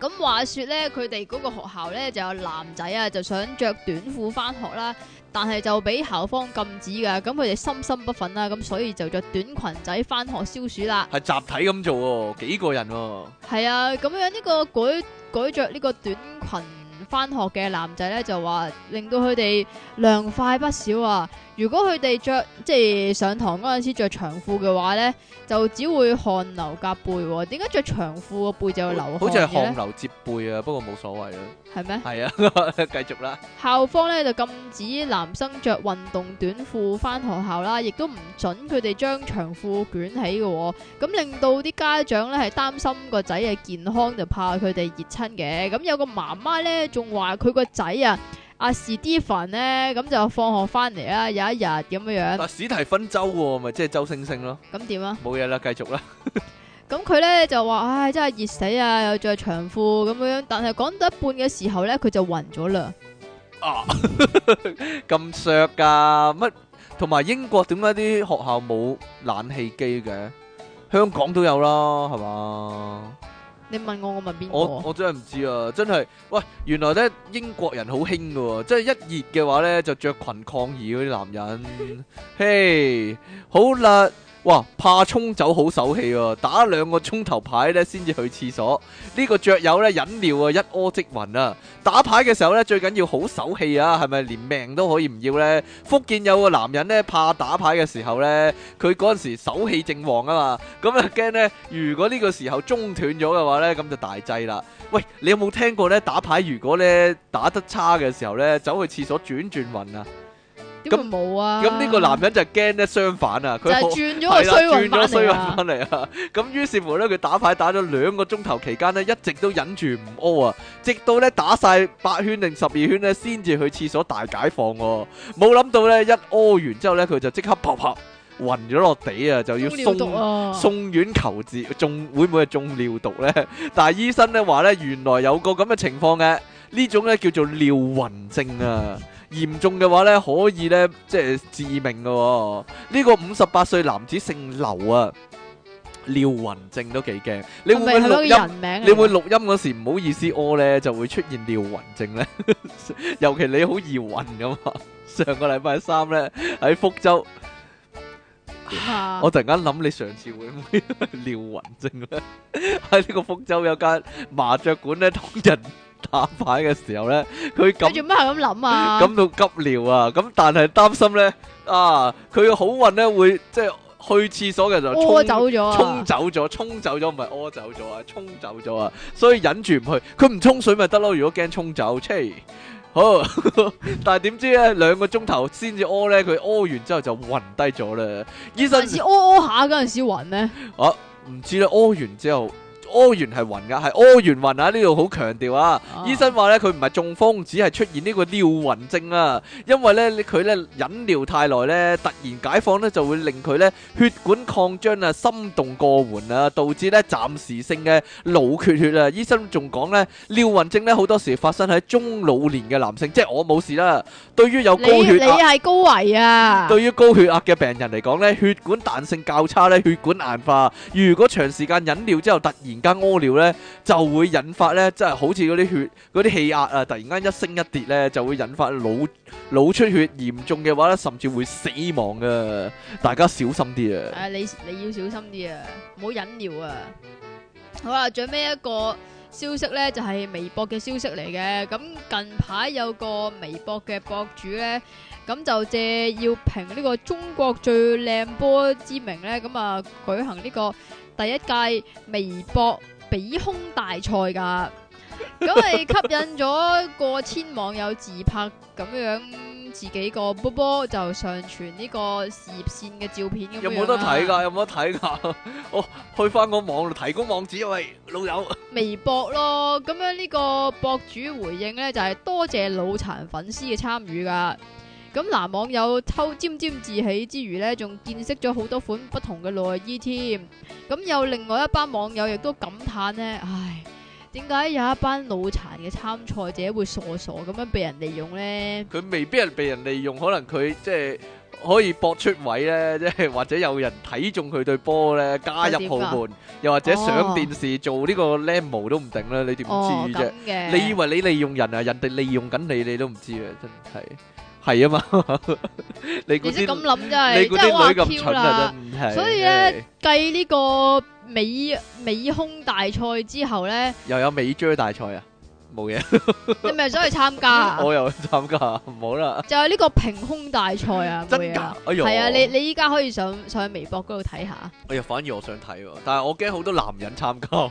Speaker 2: 咁話說咧，佢哋嗰個學校咧就有男仔啊，就想着短褲翻學啦，但係就俾校方禁止噶。咁佢哋心心不忿啦、啊，咁所以就着短裙仔翻學消暑啦。
Speaker 1: 係集體咁做、啊，幾個人？
Speaker 2: 係啊，咁、啊、樣呢、這個改改着呢個短裙。返學嘅男仔咧就話，令到佢哋涼快不少啊！如果佢哋着，即係上堂嗰陣時著長褲嘅話呢，就只會汗流浹背喎、哦。點解着長褲個背就會流汗？好似係汗
Speaker 1: 流接背啊，不過冇所謂啦。係咩？係啊，嗎是啊 *laughs* 繼續啦。
Speaker 2: 校方呢就禁止男生着運動短褲返學校啦，亦都唔準佢哋將長褲捲起嘅喎、哦。咁令到啲家長呢係擔心個仔嘅健康，就怕佢哋熱親嘅。咁有個媽媽呢，仲話佢個仔啊。阿史蒂芬咧，咁就放學翻嚟啦，有一日咁樣樣。啊史
Speaker 1: 提芬周喎，咪即係周星星咯。咁點啊？冇嘢啦，繼續啦。
Speaker 2: 咁佢咧就話唉，真係熱死啊！又着長褲咁樣樣，但係講到一半嘅時候咧，佢就暈咗啦。啊，
Speaker 1: 咁削噶？乜？同埋英國點解啲學校冇冷氣機嘅？香港都有啦，係嘛？你問我，我問邊個啊？我真係唔知啊！真係，喂，原來咧英國人好興嘅喎，即係一熱嘅話咧就着裙抗議嗰啲男人，嘿， *laughs* hey, 好啦。哇，怕沖走好手氣喎，啊！打兩個鐘頭牌咧，先至去廁所。呢、呢個雀友咧飲尿啊，一屙即暈啊。打牌嘅時候咧，最緊要好手氣啊，係咪連命都可以唔要呢？福建有個男人咧，怕打牌嘅時候咧，佢嗰陣時手氣正旺啊嘛，咁啊驚咧，如果呢個時候中斷咗嘅話咧，咁就大劑啦。喂，你有冇聽過咧？打牌如果咧打得差嘅時候咧，走去廁所轉轉暈啊！
Speaker 2: 咁冇啊！咁呢個
Speaker 1: 男人就係驚咧，相反啊，佢就係轉咗個衰運翻嚟啊！咁於是乎咧，佢打牌打咗兩個鐘頭期間呢，一直都忍住唔屙啊，直到咧打晒八圈定十二圈呢，先至去廁所大解放喎。冇諗到咧，一屙完之後咧，佢就即刻啪啪暈咗落地啊，就要送送院求治，中會唔會係中尿毒咧？但係醫生咧話咧，原來有個咁嘅情況嘅，呢種咧叫做尿暈症啊。嚴重嘅話咧，可以咧即係致命嘅、哦。呢、這個五十八歲男子姓劉啊，尿暈症都幾驚。你會唔會錄音，你會錄音嗰時唔好意思屙咧，就會出現尿暈症咧。 *laughs* 尤其你好易暈噶嘛。 *laughs* 上個禮拜三咧喺福州， *laughs* *laughs* 我突然間諗你上次會唔會尿暈症咧？喺 *laughs* 呢個福州有間麻雀館咧捅人。打牌嘅時候咧，佢諗做
Speaker 2: 咩係咁諗啊？感
Speaker 1: 到急尿啊，咁但係擔心咧啊，佢嘅好運咧會即係去廁所嘅時候就屙走咗啊，沖走咗，沖走咗唔係屙走咗啊，沖走咗啊，所以忍住唔去，佢唔沖水咪得咯，如果驚沖走，cheap、呃。好， *laughs* 但係點知咧兩個鐘頭先至屙咧，佢屙完之後就暈低咗啦。嗰陣時
Speaker 2: 屙屙下，嗰陣時暈咩？
Speaker 1: 我唔、啊、知啦，屙完之後。屙完係暈噶係屙完暈啊！呢度好強調啊！醫生話咧，佢唔係中風，只係出現呢個尿暈症啊！因為咧，佢咧忍尿太耐咧，突然解放咧，就會令佢咧血管擴張啊、心動過緩啊，導致咧暫時性嘅腦缺血啊！醫生仲講咧，尿暈症咧好多時發生喺中老年嘅男性，即係我冇事啦。對於有高血壓，你你係
Speaker 2: 高危啊！對
Speaker 1: 於高血壓嘅病人嚟講咧，血管彈性較差咧，血管硬化，如果長時間忍尿之後突然，突然間屙尿咧，就會引發咧，即係好似嗰啲血、嗰啲氣壓啊，突然間一升一跌咧，就會引發腦腦出血，嚴重嘅話咧，甚至會死亡噶。大家小心啲啊！
Speaker 2: 啊，你你要小心啲啊，唔好忍尿啊！好啦，最尾一個消息咧，就係微博嘅消息嚟嘅。咁近排有個微博嘅博主咧，咁就借要評呢個中國最靚波之名咧，咁啊舉行呢個。第一屆微博比胸大賽噶，
Speaker 1: 咁係 *laughs* 吸引
Speaker 2: 咗過千網友自拍咁樣，自己個波波就上傳呢個事業線嘅照片，咁有冇得睇噶？
Speaker 1: 有冇得睇噶？我、 *laughs* 哦、去翻個網度提供網址，喂，老友微
Speaker 2: 博咯，咁樣呢個博主回應咧就係、是、多謝腦殘粉絲嘅參與噶。咁男網友抽沾沾自喜之餘咧，仲見識咗好多款不同嘅內衣添。咁有另外一班網友亦都感嘆咧，唉，點解有一班腦殘嘅參賽者會傻傻咁樣被人利用咧？
Speaker 1: 佢未必係被人利用，可能佢即係可以博出位咧，即係或者有人睇中佢對波咧，加入豪門，又或者上電視做呢個靚模都唔定啦。你點知啫？你以為你利用人啊？人哋利用緊你，你都唔知啊！真係。係啊。嘛， *laughs* 你嗰啲咁諗真係真係啱咁蠢啦，是是所以咧
Speaker 2: 繼呢是個美美胸大賽之後咧，
Speaker 1: 又有美脹大賽啊！冇
Speaker 2: 嘢，你咪想去參加啊！我
Speaker 1: 又參加，唔好啦。
Speaker 2: 就係呢個平胸大賽啊！真㗎，係啊！你你依家可以上上微博嗰度睇下。
Speaker 1: 哎呀，反而我想睇喎，但係我驚好多男人參加喎。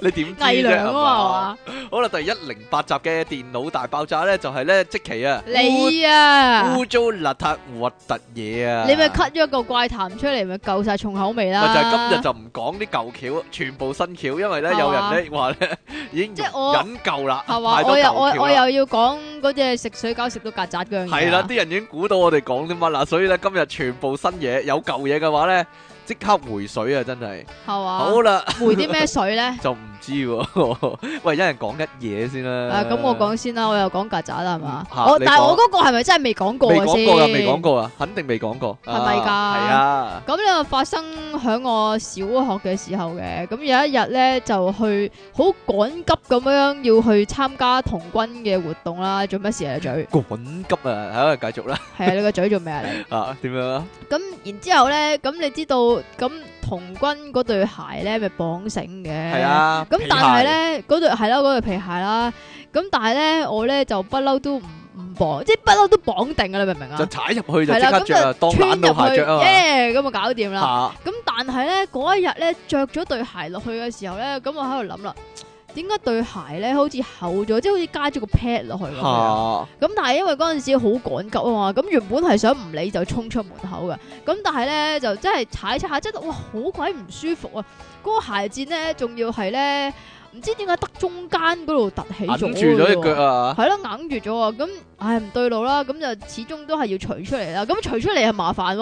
Speaker 1: 你點知啫？係嘛？好啦，第一零八集嘅電腦大爆炸咧，就係咧即期啊！你啊，污糟邋遢核突嘢啊！你咪
Speaker 2: cut 咗一個怪談出嚟，咪夠曬重口味啦！就係今日
Speaker 1: 就唔講啲舊橋，全部新橋，因為咧有人咧話咧已經即我引舊。啦，係 *laughs* 我又我我又
Speaker 2: 要講嗰隻食水餃食到曱甴嘅嘢。係啦，啲
Speaker 1: 人已經估到我哋講啲乜啦，所以咧今日全部新嘢，有舊嘢嘅話咧，即刻回水啊！真係
Speaker 2: 係話，好啦了， *laughs* 回啲咩水咧？
Speaker 1: 就唔。知喎， *laughs* 喂，人一人講一嘢先啦、嗯。啊，咁我
Speaker 2: 講先啦，說我又講曱甴啦，係嘛？嚇！但係我嗰個係咪真係未講過啊？未講過啊，未講
Speaker 1: 過啊，肯定未講過，係咪㗎？係啊。
Speaker 2: 咁呢個發生喺我小學嘅時候嘅，咁有一日咧就去好趕急咁樣要去參加童軍嘅活動啦。做乜事啊？嘴？
Speaker 1: 趕急啊！係啊，繼續啦。係 *laughs* *laughs* *laughs* *laughs* 啊，你
Speaker 2: 個嘴做咩啊？
Speaker 1: 啊，點樣啊？
Speaker 2: 咁然之後咧，咁你知道咁。紅軍嗰對鞋咧，咪綁繩嘅，咁但係咧嗰對係啦，嗰對皮鞋啦，咁但係咧我咧就不嬲、就是、都唔唔綁，即係不嬲都綁定嘅，你明唔明啊？就踩入去就即刻着，當眼到下着，咁就搞掂啦。咁、啊、但係咧嗰一日咧着咗對鞋落去嘅時候咧，咁我喺度諗啦。點解對鞋咧好似厚咗，即係好似加咗個 pad 落去。咁、啊啊、但係因為嗰陣時好趕急啊嘛，咁原本係想唔理就衝出門口嘅。咁但係咧就真係踩一下，真係哇好鬼唔舒服啊！嗰、嗰個鞋墊咧仲要係咧，唔知點解得中間嗰度凸起咗。硬住咗隻腳啊！係咯，硬住咗啊！咁唉唔對路啦，咁、啊、就始終都係要除出嚟啦。咁除出嚟係麻煩，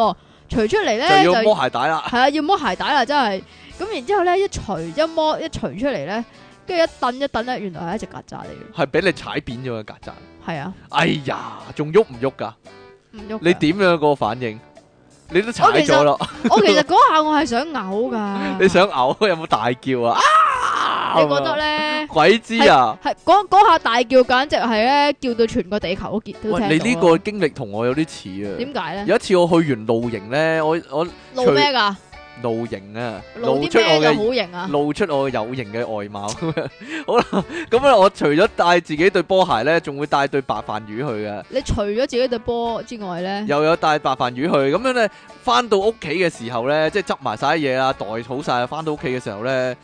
Speaker 2: 除出嚟咧就摸鞋帶啦。係啊，要摸鞋帶啦，真係。咁然之後咧，一除一摸，一除出嚟咧。跟住一扽一扽咧，原來係一隻曱甴嚟
Speaker 1: 嘅，係俾你踩扁咗嘅曱甴。係啊！哎呀，仲喐唔喐噶？唔喐！你點樣個反應？你都踩咗咯！
Speaker 2: 我其實嗰 *laughs* 下我係想嘔噶。
Speaker 1: 你想嘔？有冇大叫啊？啊！ *laughs* 你覺得咧？鬼 *laughs* 知啊！
Speaker 2: 係嗰下大叫，簡直係咧叫到全個地球都聽到。你呢個
Speaker 1: 經歷同我有啲似啊？點解咧？有一次我去完露營咧，我我，我露咩㗎？露型啊！露出我嘅好型啊！露出我有型嘅外貌。 *laughs* 好啦，咁啊，我除咗帶自己對波鞋咧，仲會帶對白飯魚去嘅。
Speaker 2: 你除咗自己對波之外咧，
Speaker 1: 又有帶白飯魚去。咁樣咧，翻到屋企嘅時候咧，即係執埋晒啲嘢啊，袋好晒啊。翻到屋企嘅時候咧，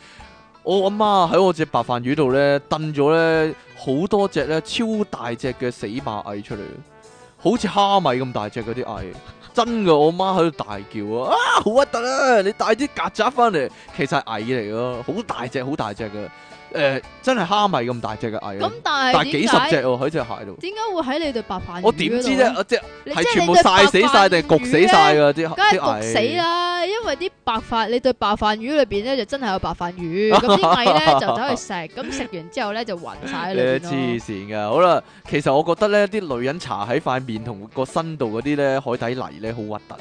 Speaker 1: 我阿媽喺我隻白飯魚度咧，瞪咗咧好多隻咧超大隻嘅死螞蟻出嚟，好似蝦米咁大隻嗰啲蟻。真㗎，我媽喺度大叫啊！啊，好核突啊！你帶啲曱甴翻嚟，其實係蟻嚟咯，好大隻，好大隻嘅。誒、欸、真係蝦米咁大隻嘅蟻，咁但係點解幾十隻喎喺隻蟹度？點
Speaker 2: 解會喺你對白飯魚？我點知咧？即係全部曬死曬定係焗死曬㗎啲啲蟻，梗係焗死啦！蟹因為啲白飯，你對白飯魚裏邊咧就真係有白飯魚，咁啲蟻咧就走去食，咁 *laughs* 食完之後咧就暈曬喺度。你
Speaker 1: 黐線㗎！好啦，其實我覺得咧，啲女人搽喺塊面同個身度嗰啲咧海底泥咧，好核突啊！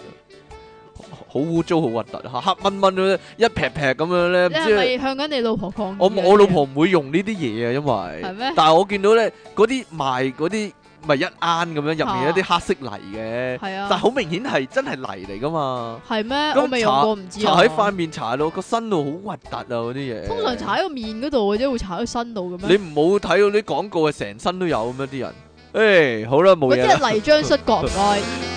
Speaker 1: 好污糟，好核突嚇，黑蚊蚊咧，一撇撇咁樣咧，唔知係
Speaker 2: 向緊你老婆講。我我老
Speaker 1: 婆唔會用呢啲嘢啊，因為。係咩？但係我見到咧，嗰啲賣嗰啲咪一啱咁樣，入面有啲黑色泥嘅，係啊，但係好明顯係真係泥嚟噶嘛。係
Speaker 2: 咩？咁我未用過，唔知，搽喺塊
Speaker 1: 面搽到個身度好核突啊！嗰啲嘢。通常搽
Speaker 2: 喺個面嗰度或者，會搽喺身度嘅咩？你
Speaker 1: 唔好睇到啲廣告係成身都有咁樣啲人。誒，好啦，冇嘢。嗰啲泥漿失覺唔該。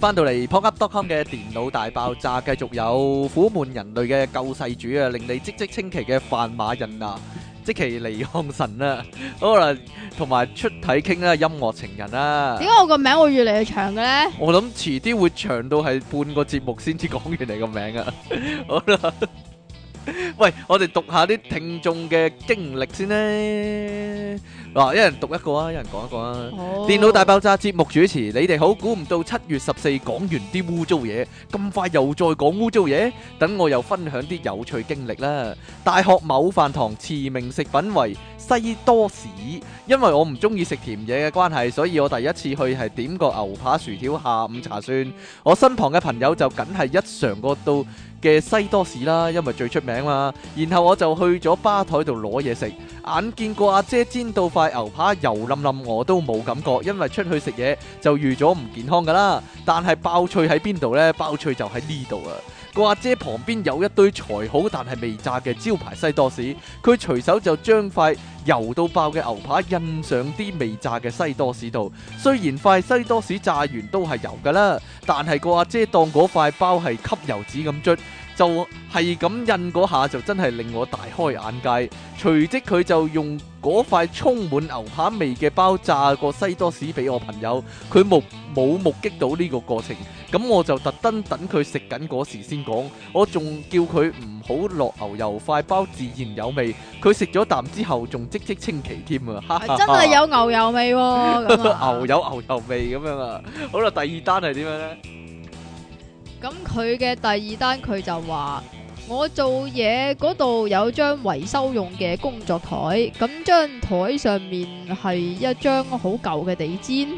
Speaker 1: 翻到嚟 pocket.com 嘅電腦大爆炸，繼續有苦悶人類嘅救世主啊，令你嘖嘖稱奇嘅範馬人啊，積淇離岸神啊，好啦，同埋出體 king 啦、啊，音樂情人啊。點
Speaker 2: 解我個名會越嚟越長嘅咧？
Speaker 1: 我諗遲啲會長到係半個節目先至講完你個名啊，好啦。 *laughs* *laughs* 喂，我哋讀下啲聽眾嘅經歷先呢嗱，一人讀一個啊，一人講一個啊。Oh. 電腦大爆炸節目主持，你哋好。估唔到七月十四講完啲污糟嘢，咁快又再講污糟嘢。等我又分享啲有趣經歷啦。大學某飯堂馳名食品為西多士，因為我唔中意食甜嘢嘅關係，所以我第一次去係點個牛扒薯條下午茶算。我身旁嘅朋友就梗係一嘗過到。嘅西多士啦，因為最出名嘛。然後我就去咗吧台度攞嘢食，眼見過阿姐煎到塊牛扒油冧冧，我都冇感覺，因為出去食嘢就預咗唔健康噶啦。但係爆脆喺邊度呢？爆脆就喺呢度啊！個阿姐旁邊有一堆才好但係未炸嘅招牌西多士，佢隨手就將塊油到爆嘅牛扒印上啲未炸嘅西多士度，雖然塊西多士炸完都係油㗎啦，但係個阿姐當嗰塊包係吸油紙咁捽。就係咁印嗰下就真係令我大開眼界。隨即佢就用嗰塊充滿牛扒味嘅包炸過西多士俾我朋友，佢目冇目擊到呢個過程。咁我就特登等佢食緊嗰時先講，我仲叫佢唔好落牛油塊，塊包自然有味。佢食咗啖之後仲即即稱奇添啊！真係有
Speaker 2: 牛油味喎，
Speaker 1: 牛油牛油味咁樣啊！ *laughs* 好啦，第二單係點樣呢？
Speaker 2: 咁佢嘅第二單佢就話：我做嘢嗰度有張維修用嘅工作台，咁張台上面係一張好舊嘅地氈，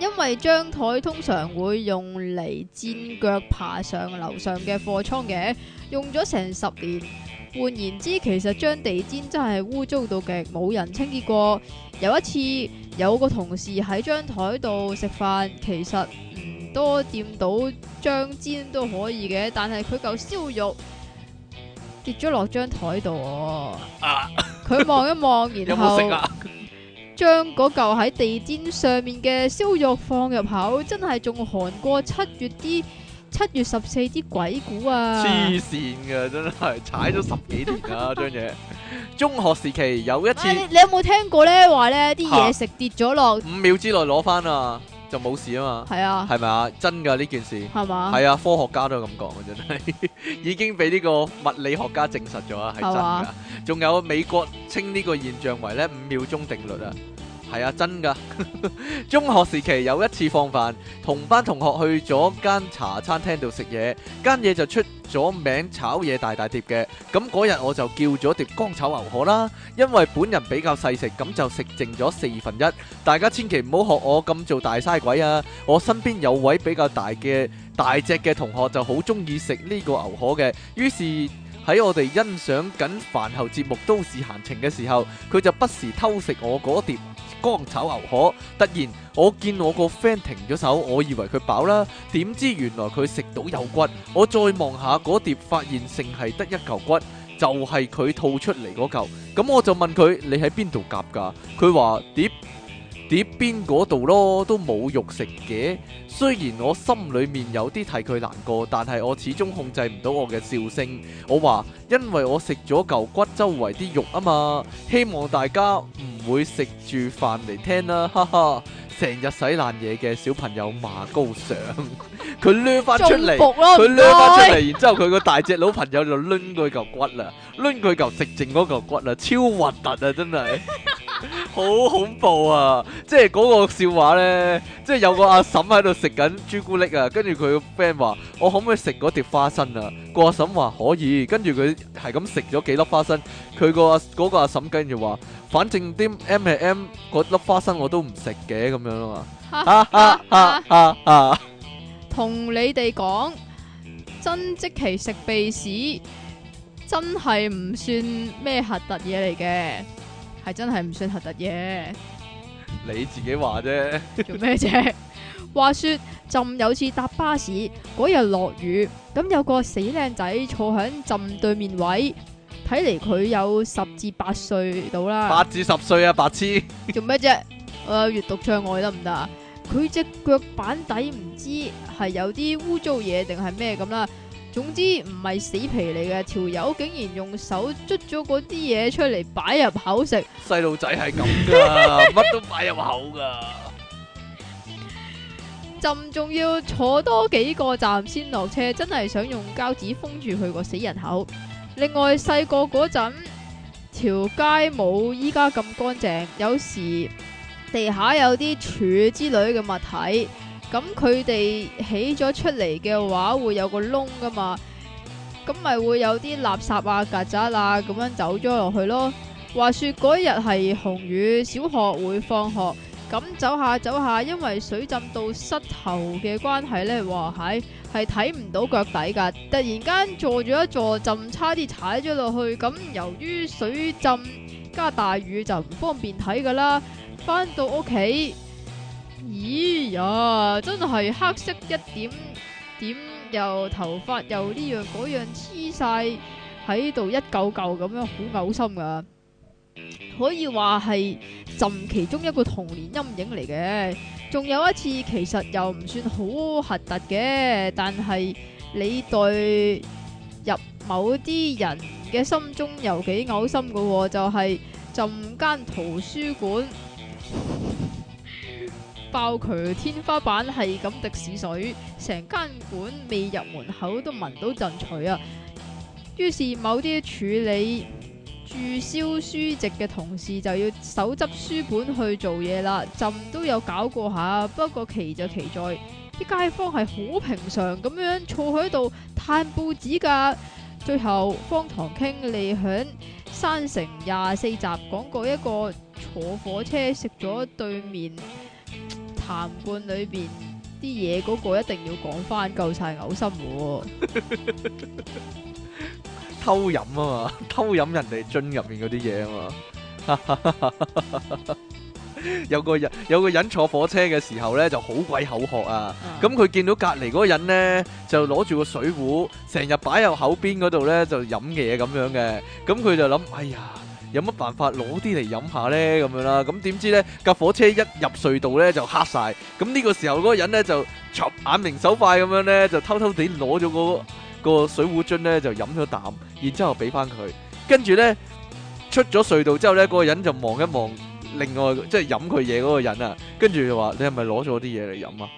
Speaker 2: 因為張台通常會用嚟墊腳，爬上樓上嘅貨倉嘅，用咗成十年。換言之，其實張地氈真係污糟到極，冇人清潔過。有一次，有個同事喺張台度食飯，其實。多掂到張氈都可以嘅，但係佢嚿燒肉跌咗落張台度，啊。佢望一望，然後將嗰嚿喺地氈上面嘅燒肉放入口，真係仲寒過七月啲七月十四啲鬼故啊！
Speaker 1: 黐線㗎，真係踩咗十幾年啦張嘢， *laughs* 中學時期有一次，啊、你，
Speaker 2: 你有冇聽過咧？話咧啲嘢食跌咗落五
Speaker 1: 秒之內攞返啊！就冇事啊嘛，係啊，係咪啊？真噶呢件事，係嘛吧？係啊，科學家都係咁講，真係已經俾呢個物理學家證實咗啊，係真噶？仲吧有美國稱呢個現象為咧五秒鐘定律啊。係啊，是真噶！ *laughs* 中學時期有一次放飯，同班同學去咗間茶餐廳度食嘢，間嘢就出咗名炒嘢大大碟嘅。咁嗰日我就叫咗碟乾炒牛河啦，因為本人比較細食，咁就食剩咗四分一。大家千祈唔好學我咁做大嘥鬼啊！我身邊有位比較大嘅大隻嘅同學就好中意食呢個牛河嘅，於是喺我哋欣賞緊飯後節目都市閒情嘅時候，佢就不時偷食我嗰碟。乾炒牛河，突然我見我個 friend 停咗手，我以為佢飽啦，點知原來佢食到有骨，我再望下嗰碟，發現淨係得一嚿骨，就係佢吐出嚟嗰嚿，咁我就問佢：你喺邊度夾㗎？佢話碟。碟邊嗰度咯，都冇肉食嘅。雖然我心裏面有啲替佢難過，但係我始終控制唔到我嘅笑聲。我話，因為我食咗嚿骨周圍啲肉啊嘛。希望大家唔會食住飯嚟聽啦，哈哈。成日洗爛嘢嘅小朋友馬高上，佢掠翻出嚟，佢掠翻出嚟，託然之後佢個大隻佬朋友就拎佢嚿骨啦，拎佢嚿食剩嗰嚿骨啦，超核突啊，真係。 *laughs* 好恐怖啊！即係嗰個笑話呢，即係有個阿嬸喺度食緊朱古力啊，跟住佢個 friend 話：我可唔可以食嗰碟花生啊？個阿嬸話可以，跟住佢係咁食咗幾粒花生。佢個個阿嬸跟住話：反正啲 M&M 嗰粒花生我都唔食嘅，咁樣啦嘛。啊，
Speaker 2: 同你哋講，曾積淇食鼻屎，真係唔算咩核突嘢嚟嘅。係真係唔算核突嘢，
Speaker 1: 你自己話啫。做咩啫？
Speaker 2: 話說朕有次搭巴士，嗰日落雨，咁有個死靚仔坐響朕對面位，睇嚟佢有十至八歲到啦，八
Speaker 1: 至十歲啊，白痴。 *laughs*
Speaker 2: 做咩啫？誒，閱讀障礙得唔得？佢隻腳板底唔知係有啲污糟嘢定係咩咁啦？總之唔係死皮嚟嘅，條友竟然用手捽咗嗰啲嘢出嚟擺入口食。
Speaker 1: 細路仔係咁噶，乜 *laughs* 都擺入口噶。
Speaker 2: 朕仲要坐多幾個站先落車，真係想用膠紙封住佢個死人口。另外細個嗰陣，條街冇依家咁乾淨，有時地下有啲柱之類嘅物體。咁佢哋起咗出嚟嘅話會有個窿噶嘛，咁咪會有啲垃圾啊、曱甴啊咁樣走咗落去咯。話說嗰日係紅雨，小學會放學，咁走下走下，因為水浸到膝頭嘅關係呢，哇係，係睇唔到腳底噶。突然間坐住一座浸，差啲踩咗落去。咁由於水浸加大雨就唔方便睇噶啦。返到屋企。咦呀，真係黑色一點點，又頭髮又呢樣嗰樣黐晒喺度，一嚿嚿咁樣，好嘔心噶，可以話係浸其中一個童年陰影嚟嘅。仲有一次其實又唔算好核突嘅，但係你對入某啲人嘅心中有幾嘔心噶，就係浸間圖書館。 *laughs* 爆渠天花板係咁滴屎水，成間館未入門口都聞到陣除啊。於是某啲處理注銷書籍嘅同事就要手執書本去做嘢啦。朕都有搞過下，不過奇就奇在啲街坊係好平常咁樣坐喺度嘆報紙噶。最後方唐傾力響山城廿四集講過一個坐火車食咗對面。痰罐裏邊啲嘢，嗰個一定要講翻，夠晒嘔心喎。
Speaker 1: 偷飲啊嘛，偷飲人哋樽入面嗰啲嘢啊嘛。有個人有個人坐火車嘅時候咧，就好鬼口渴啊。咁佢見到隔籬嗰個人咧，就攞住個水壺，成日擺入口邊嗰度咧就飲嘅嘢咁樣嘅。咁佢就諗，哎呀。有乜辦法攞啲嚟飲下呢？咁樣啦，咁點知呢，架火車一入隧道呢就黑晒。咁呢個時候嗰個人呢就眼明手快咁樣呢，就偷偷地攞咗，個個水壺樽呢，就飲咗啖，然之後俾翻佢。跟住呢，出咗隧道之後呢，嗰個人就望一望另外即係飲佢嘢嗰個人啊。跟住就話：你係咪攞咗啲嘢嚟飲啊？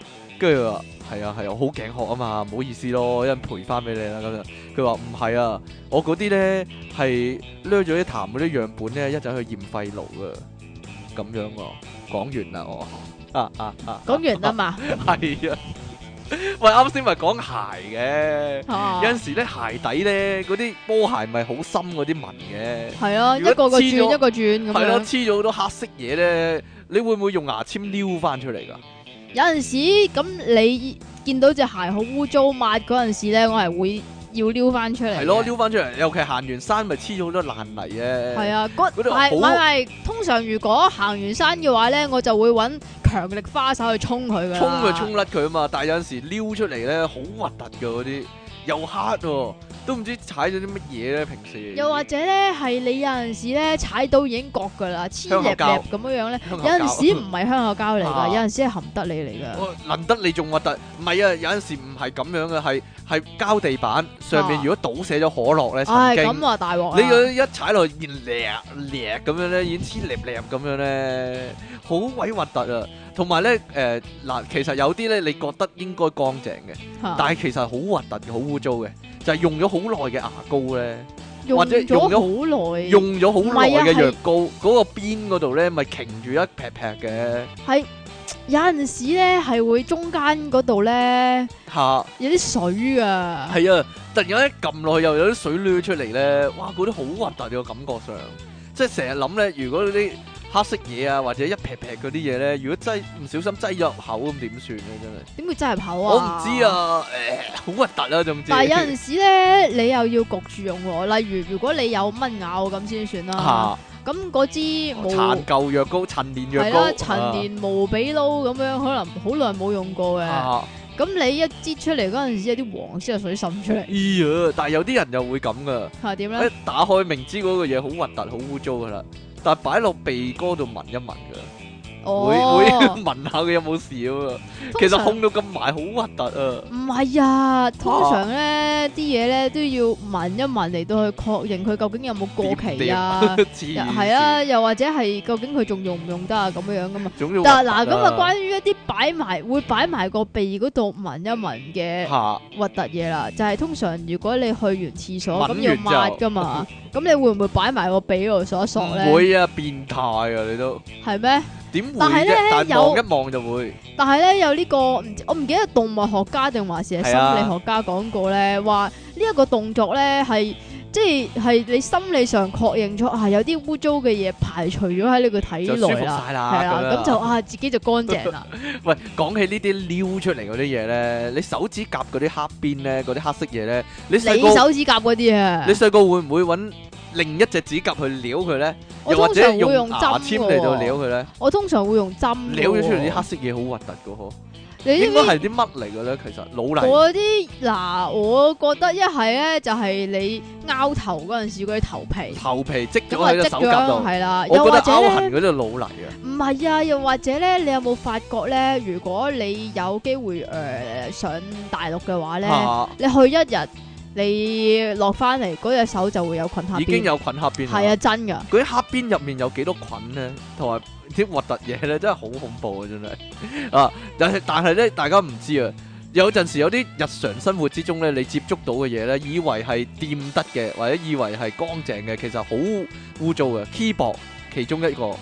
Speaker 1: 跟住就話。係啊係啊，好頸渴啊嘛，唔好意思咯，一陣賠翻俾你啦咁啊。佢話唔係啊，我嗰啲咧係掠咗啲痰嗰啲樣本咧，一陣去驗肺奴肺癆啊，咁樣喎。講完啦我，啊啊啊，
Speaker 2: 講完啊嘛，
Speaker 1: 係啊，啊，啊，啊。喂，啱先咪講鞋嘅，啊、有陣時咧鞋底咧嗰啲波鞋咪好深嗰啲紋嘅，係啊，一個個轉一
Speaker 2: 個轉咁樣，啊。係咯，黐
Speaker 1: 咗好多黑色嘢咧，你會唔會用牙籤撩翻出嚟㗎？
Speaker 2: 有陣時咁你見到隻鞋好污糟抹嗰陣時咧，我係會要撩翻出嚟。係咯，撩
Speaker 1: 翻出嚟，尤其行完山咪黐咗好多爛泥啊！係、那、啊、
Speaker 2: 個，骨嗰度唔係通常如果行完山嘅話咧，我就會揾強力花灑去沖佢嘅。沖佢沖
Speaker 1: 甩佢啊嘛！但係有陣時撩出嚟咧，好核突㗎嗰啲，又黑、啊。都唔知踩咗啲乜嘢咧，平時又或
Speaker 2: 者咧，係你有陣時咧踩到已經割噶啦，黐裂裂咁樣咧，有陣時唔係香口膠嚟噶，有陣時係含得你嚟噶。
Speaker 1: 含得你仲核突？唔係啊，有陣時唔係咁樣嘅，係係膠地板上面如果倒瀉咗可樂咧，咁大鑊，你一踩落然裂裂咁樣咧，已經黐裂裂咁樣咧，好鬼核突啊！同埋咧誒嗱，其實有啲咧你覺得應該乾淨嘅，但係其實好核突好污糟嘅。就係用咗好耐嘅牙膏咧，用
Speaker 2: 了 或者用咗好耐、用咗好耐嘅藥
Speaker 1: 膏，嗰個邊嗰度咧，咪擎住一撇撇嘅。
Speaker 2: 係有陣時咧，係會中間嗰度咧，嚇下有啲水啊。係
Speaker 1: 啊，突然間一撳落去又有啲水濺出嚟咧，哇！嗰啲好核突嘅感覺上，即係成日諗咧，如果啲。黑色嘢啊，或者一撇撇嗰啲嘢咧，如果擠唔小心擠入口咁點算咧？真係點
Speaker 2: 會擠入口啊？我唔知啊，
Speaker 1: 誒好核突啊，就唔知。但係有陣
Speaker 2: 時咧，你又要焗住用喎。例如如果你有蚊咬咁先算啦。嚇、啊！咁嗰支冇殘
Speaker 1: 舊藥膏，陳年藥膏。係啦，陳年
Speaker 2: 無比撈咁樣，啊、可能好耐冇用過嘅。嚇、啊！咁你一擠出嚟嗰陣時，有啲黃色嘅水滲出嚟。
Speaker 1: 咿呀、啊！但係有啲人又會咁噶。係點咧？一打開，明知嗰個嘢好核突、好污糟噶啦。但擺落鼻哥度、哦、聞一聞㗎、啊，會會聞下佢有冇事喎。其實空到咁埋好核突啊！
Speaker 2: 唔係啊，通常咧，啲嘢咧都要聞一聞嚟到去確認佢究竟有冇過期啊，
Speaker 1: 係
Speaker 2: 啊點點 *laughs* 病，又或者係究竟佢仲用唔用得啊咁樣樣噶嘛。啊、但嗱嗱咁啊，關於一啲擺埋會擺埋個鼻嗰度聞一聞嘅核突嘢啦，就係、是、通常如果你去完廁所咁、嗯、要抹噶嘛、啊。啊。咁你會唔會擺埋個鼻度數一數咧？啊會
Speaker 1: 啊，變態啊，你都係咩？點會啫？但係咧，有，有一望就會。
Speaker 2: 但係咧，有呢、這個，我唔，我唔記得動物學家定還是係心理學家講過咧，話呢一個動作咧係。即係你心理上確認咗啊，有啲污糟嘅嘢排除咗喺你個體內啦，係啊，咁就啊自己就乾淨啦。
Speaker 1: *laughs* 喂，講起呢啲撩出嚟嗰啲嘢咧，你手指甲嗰啲黑邊咧，嗰啲黑色嘢咧，你細個，你手指甲
Speaker 2: 嗰啲啊，你
Speaker 1: 細個會唔會揾另一隻指甲去撩佢咧？又或者用牙籤嚟到撩佢咧？
Speaker 2: 我通常會用針撩咗出嚟啲黑色
Speaker 1: 嘢，好核突嘅呵。你應該係啲乜嚟嘅咧？其實老泥
Speaker 2: 啲，嗱，我覺得一係咧就係、是、你拗頭嗰陣時嗰啲頭皮，頭
Speaker 1: 皮積咗喺隻手腳度，係啦，又或者拗痕嗰啲老泥嘅，
Speaker 2: 唔係啊，又或者咧，你有冇發覺咧？如果你有機會誒、呃、上大陸嘅話咧，啊、你去一日。你落翻嚟嗰隻手就會有菌下，已經有
Speaker 1: 菌黑邊，係啊，真噶。嗰啲黑邊入面有幾多菌咧？同埋啲核突嘢咧，真係好恐怖啊！真係 *laughs* 啊，但係但係咧，大家唔知啊。有陣時有啲日常生活之中咧，你接觸到嘅嘢咧，以為係掂得嘅，或者以為係乾淨嘅，其實好污糟嘅。keyboard 其中一個